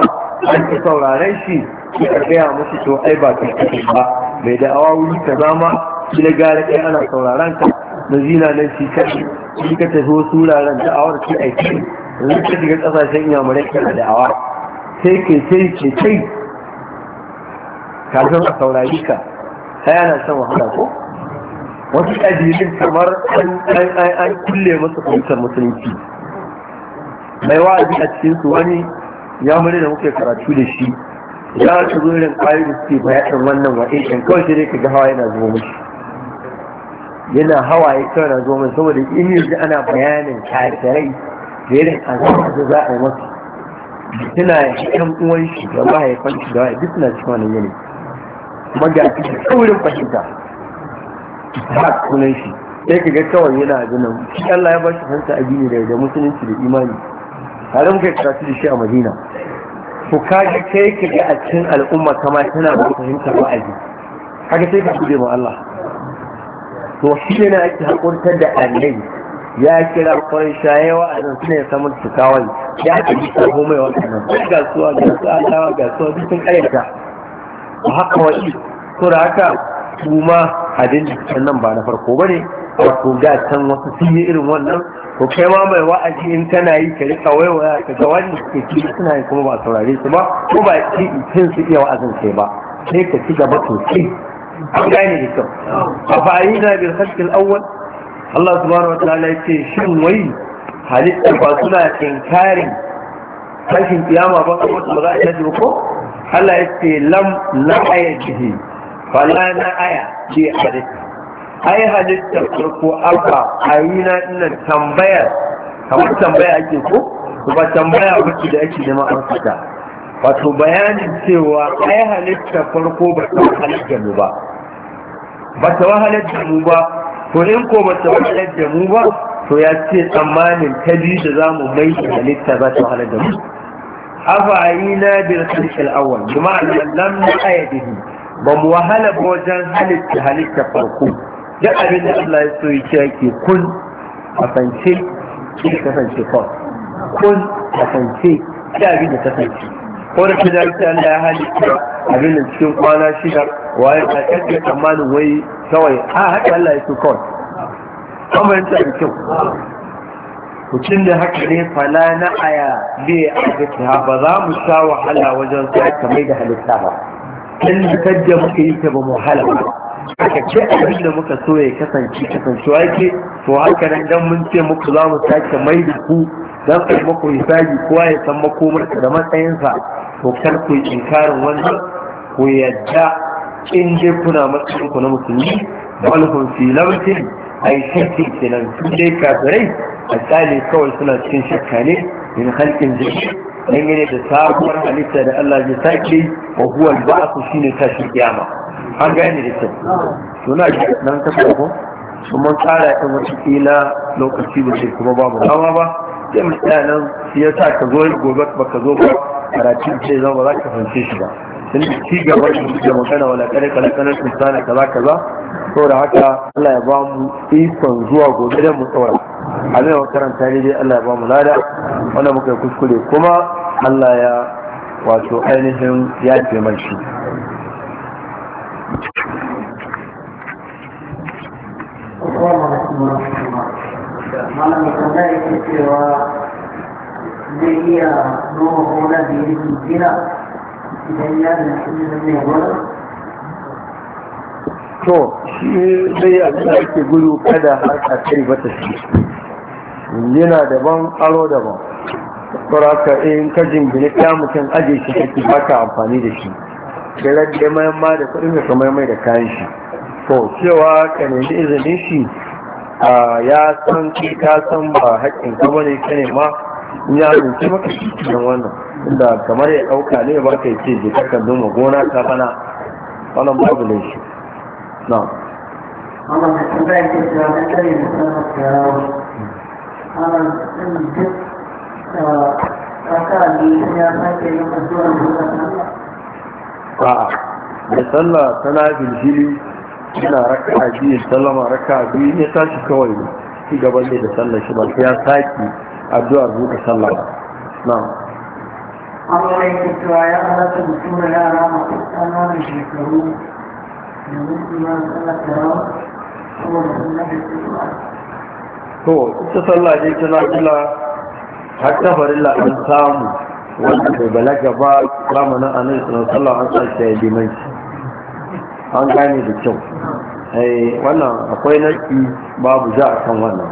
[SPEAKER 1] an ki sauraren shi ya gaya musu to ai ba kai ba mai da'awa wuri ka zama shi da gara ana sauraron ka mazina na shi kai, shi ka tafi wasu wuraren da'awar ce aiki ce ka shiga ƙasashen yamurai kana da'awa sai ke sai ke sai kafin a saurari ka sai ana son wahala ko wasu ƙabilun kamar an kulle masu fahimtar musulunci mai wa'azi a cikin su wani ya mure da muke karatu da shi ya ta zo irin ƙwayoyi da suke bayanin wannan wa'in kawai sai dai ka ga hawa yana zuwa mushi yana hawaye kawai na zo min saboda in yanzu ana bayanin kafirai da irin azaba da za a yi masa suna yan uwan shi da mahaifan shi da waye duk suna cikin wannan yanayi kuma ga shi saurin fahimta ba sunan shi sai ka ga kawai yana ganin. shi Allah ya ba shi fahimta addini da da musulunci da imani tare muka karatu da shi a Madina ko kaji kai ka ga a cikin al'umma kama tana ba fahimta ba aji haka sai ka gode ma Allah to shi ne ake hakurtar da annabi ya kira kwan shayewa a nan suna samun su kawai ya aka yi sabo mai waɗannan ga suwa ga su alawa ga suwa duk sun ba haka wa'i su da haka kuma a da nan ba na farko ba ne wato ga can wasu sun yi irin wannan ko kai ma mai wa'azi in kana yi ka rika waiwaya ka ga wani ke ci suna yi kuma ba saurare su ba ko ba ci cin su iya wa'azin kai ba sai ka ci gaba sosai an gane da kyau a bayi na bil halkil awwal Allah subhanahu wataala ya ce shin wai halitta ba suna tinkarin tashin kiyama ba kuma ba za a yi ba ko Allah ya ce lam na aya jihi fala na aya ce halitta ai halitta farko abba yi na ina tambayar kamar tambaya ake ko ba tambaya wacce da ake neman an fita wato bayanin cewa ai halitta farko ba ta halitta mu ba ba ta halitta mu ba to in ko ba ta halitta mu ba to ya ce tsammanin ta biyu da za mu mai halitta ba ta halitta mu afa ayina bil khalqil awwal kuma lam na ayatihi ba mu wahala ba wajen halitta halitta farko duk abin da Allah ya so ya ce ke kun kasance ki kasance kun kasance ki abin da kasance ko da ta dace da ya halitta abin da cikin kwana shida waye a kaddara tsammanin wai kawai a ah, haka Allah ya kawai kuma da kyau mutum da haka ne fala na aya bai aikata ba za mu sha wahala wajen sa ka mai da halitta ba in kadda muka yi ta ba mu hala ba aka ce abin da muka so ya kasance kasancewa yake to haka nan dan mun ce muku za mu sake mai da ku don kai mako hisabi kowa ya san makomarsa da matsayinsa to kar ku yi inkarin wannan ku yadda in dai kuna matsayin ku na musulmi bal hum fi lawtin ay shakki kenan su dai kafirai a tsali kawai suna cikin shakka ne in halkin jiki dangane da sabuwar halitta da Allah zai sake wa huwa basu shine shi kiyama an gane da kyau Suna ji nan ka ko kuma tsara ta wata kila lokaci ba ce kuma babu dama ba da mutanen ya sa ka zo gobe baka zo ba karatun ce zan ba za ka fahimce shi ba sun ci gaba da magana wala kare kare kare misali kaza kaza saboda haka Allah ya ba mu ikon zuwa gobe da mu tsora a mai makaranta ne dai Allah ya ba mu lada wanda muka yi kuskure kuma Allah ya wato ainihin ya ce mai shi
[SPEAKER 4] Assalamu alaikum
[SPEAKER 2] malam mutumna yake cewa zai iya noma gona da yi gina idan ya da shi
[SPEAKER 1] ne gona to shi dai abin da ake gudu kada har a kai bata shi yana daban aro daban sauraka in ka jingine ya mutum aje shi kake baka amfani da shi da rage mayan ma da kudin da kamar mai da kayan shi to cewa ka nemi izinin shi ya san ki ka san ba haƙƙin ka bane ka ne ma in ya rinci maka shi cikin wannan inda kamar ya ɗauka ne ba ka ce je ka noma gona ka bana wannan babu ne shi
[SPEAKER 4] na
[SPEAKER 2] Allah ya da ne ya sake yin
[SPEAKER 1] A'a, da sallah tana bilhili yana raka biyu sallama raka biyu ne tashi kawai ne shi gaban ne da sallar shi ba sai ya saki addu'a buɗe sallar ba na'am
[SPEAKER 2] amma yake cewa ya halatta mutum da yara masu ƙananan shekaru da mutum
[SPEAKER 4] ya sallar tarawa saboda sallar da su
[SPEAKER 1] to ita sallah dai ta nafila har ta farilla an samu wanda bai balaga ba zamanin annabi sallallahu alaihi wasallam an sa shi ya limanci an gane da kyau eh, wannan akwai naki babu za a kan wannan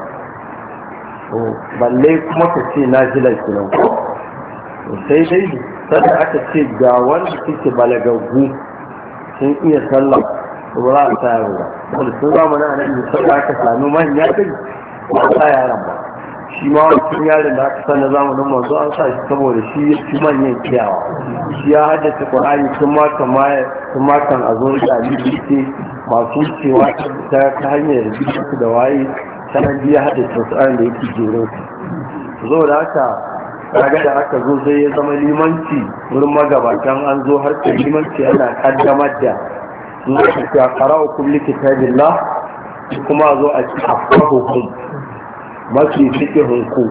[SPEAKER 1] balle kuma ka ce na ji laifin sai dai sadda aka ce ga wanda suke balagaggu sun iya sallah ba za a sa ba wanda sun zamanin a nan yi sadda aka sami manya ɗin ba sa ba shi ma wancan yarin da aka san na zamanin manzo an sa shi saboda shi ya fi manyan kiyawa shi ya haddace qur'ani sun makon a zo da ce masu cewa ta hanyar bisu da waye sanar biya haddace qur'ani da yake su zo da haka kaga da aka zo sai ya zama limanci wurin magabatan an zo har ta limanci ana kaddamar da sun zai ta karau kuma zo a ci mafi fikihun hunku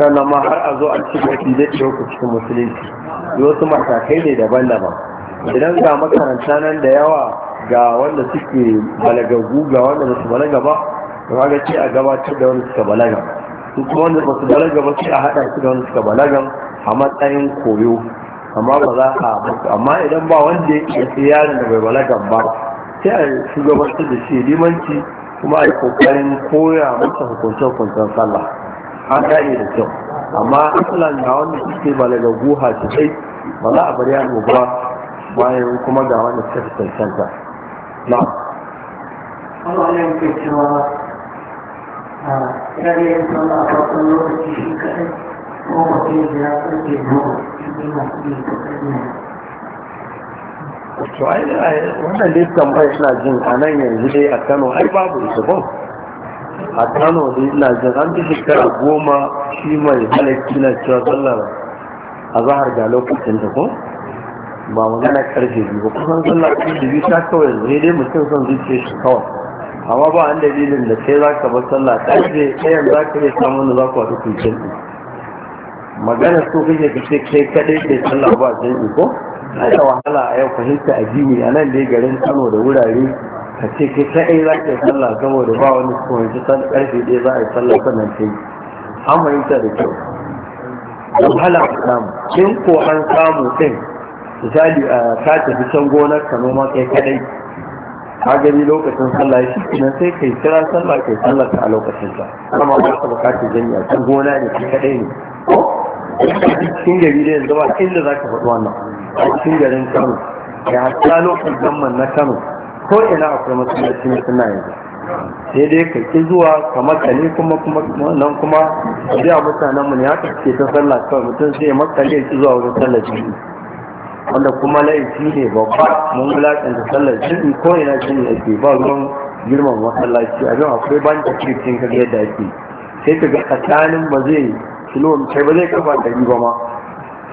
[SPEAKER 1] sannan ma har a zo a ci mafi ce ku cikin musulunci wasu matakai ne daban-daban idan ga makaranta nan da yawa ga wanda suke balagagu ga wanda ba su balaga ba to kaga ce a gabatar da wanda suka balaga su kuma wanda ba su balaga ba sai a haɗa su da wanda suka balaga a matsayin koyo amma ba za a amma idan ba wanda ya ke yaron da bai balagan ba sai a shugabantar da shi limanci kuma a yi kokarin koya masa hukunce-hukuncen sallah an gane da kyau amma asalan ga wanda suke balagagu sosai ba za a bari ya ba bayan kuma ga wanda suka fi cancanta na
[SPEAKER 4] Allah ya yi cewa ya yi sallah a farkon lokaci shi kaɗai ko mutum ya tsarki zuwa cikin masu yin kaɗai
[SPEAKER 1] to ai wannan dai tambayar ina jin a nan yanzu dai a kano ai babu ita ba a kano dai ina jin an ji shekara goma shi mai halarci na cewa sallar a zahar ga lokacin da ko ba magana karfe biyu ba kusan sallar da biyu ta kawai zai dai mutum son zuciya shi kawai amma ba an dalilin da sai za ka bar sallah karfe ɗayan za ka iya samun da za ku wata kuncin magana so kake ka ce kai kaɗai ke sallah ba jin ko kada wahala a yau fahimta jini a nan dai garin kano da wurare ka ce kai kaɗai za ka yi sallah saboda ba wani kuma sallah karfe ɗaya za a yi sallah sannan ta yi an fahimta da kyau da wahala a samu kin ko an samu ɗin misali a ta tafi can gonar ka noma kai kaɗai ka gani lokacin sallah shi kenan sai kai kira sallah kai sallah ta a lokacin ta kuma ba ka bukatar a can gona ne kai kaɗai ne kin gari da yanzu ba inda za ka faɗi wannan a cikin garin kano ya hatta lokacin zaman na kano ko ina akwai masallaci na suna yanzu sai dai ka ki zuwa ka makale kuma kuma nan kuma biya mutanen mu ne haka suke ta sallah kawai mutum ya makale ki zuwa wurin sallah jini wanda kuma laifi ne babba mun da sallar jini ko ina jini ake ba ruwan girman masallaci abin akwai ban tafiyar ka ga yadda ake sai ka ga tsakanin ba zai mutai ba zai kafa ɗari ba ma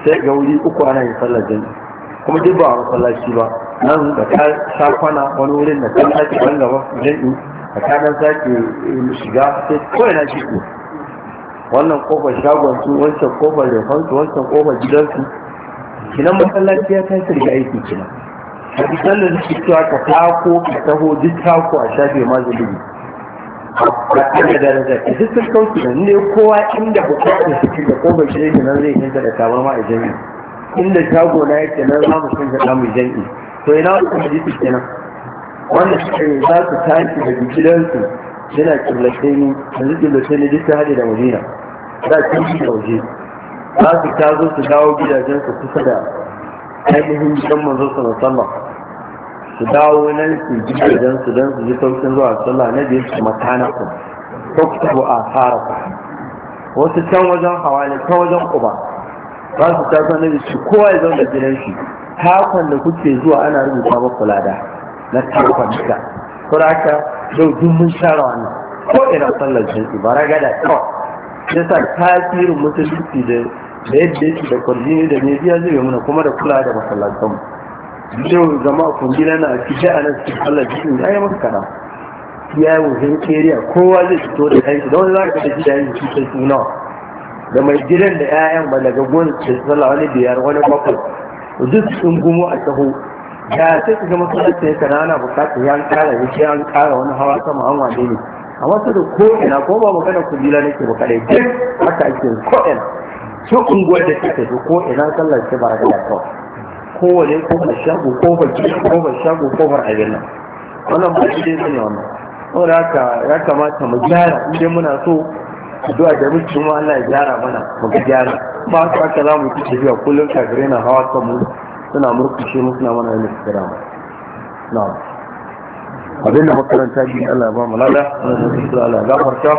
[SPEAKER 1] sai ga wuri uku ana yin sallar jami'i kuma duk ba a masallaci ba nan da ta sha kwana wani wurin da ta sake ban gaba jami'i a ta dan sake eh, shiga sai kawai na ko. wannan kofar shagon su wancan kofar da su wancan kofar gidansu kinan masallaci ya tashi da aiki kina a bisan da suke cewa ka tako ka taho duk tako a shafe ma zulubi ba ana da rasa duk sun ne kowa inda bukatar su cika ko bai shirya nan zai kinta da kama ma a jami'i inda shago na yake nan za mu kinta da mu jami'i to ina wata hadisi kenan Wannan suka za su tashi daga gidansu yana killace yanzu duk ta haɗe da madina za su yi da waje za su tazo su dawo gidajensu kusa da ainihin gidan manzo sallallahu alaihi wasallam su dawo nan su ji gidan su don su ji saukin zuwa sallah na biyu su ko ku tabo a ku wasu can wajen hawa ne can wajen kuba ba su ta san na su kowa ya zauna gidan shi takon da kuke zuwa ana rubuta kula da, na takon duka kuraka yau duk mun share wannan ko ina sallar jinsi ba ragada kawai yasa tasirin mutunci da da yadda yake da kwarjini da ne biya zai muna kuma da kula da masallatanmu yau zama a kungila na fice a nan cikin Allah cikin ya yi masu kana ya yi wajen keriya kowa zai fito da kanshi da wani za ka tafi da yanki cikin suna da mai gidan da 'ya'yan balagaggon da sallah wani biyar wani bakwai duk sun gumo a taho ya sai ka gama masallaci ya kana ana bukatar ya kara ya ce an kara wani hawa sama an wane ne a wasu da ko'ina ko ba magana kungila nake ba kadai duk haka ake ko'ina su unguwar da take da ko'ina sallar ce ba da kawai kowane kofar shago kofar gida kofar shago kofar abin nan wannan ba shi ne wannan saboda haka ya kamata mu gyara inda muna so addu'a da muke kuma Allah ya gyara mana mu gyara ba su haka za mu ci tafiya kullum kafirai na hawa kan mu suna murkushe mu suna mana wani kira mu na'am abin da makaranta bi Allah ya ba mu lada Allah ya gafarta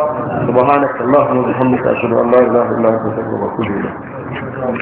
[SPEAKER 1] subhanaka allahumma wa bihamdika ashhadu an la ilaha illa anta astaghfiruka wa atubu ilayk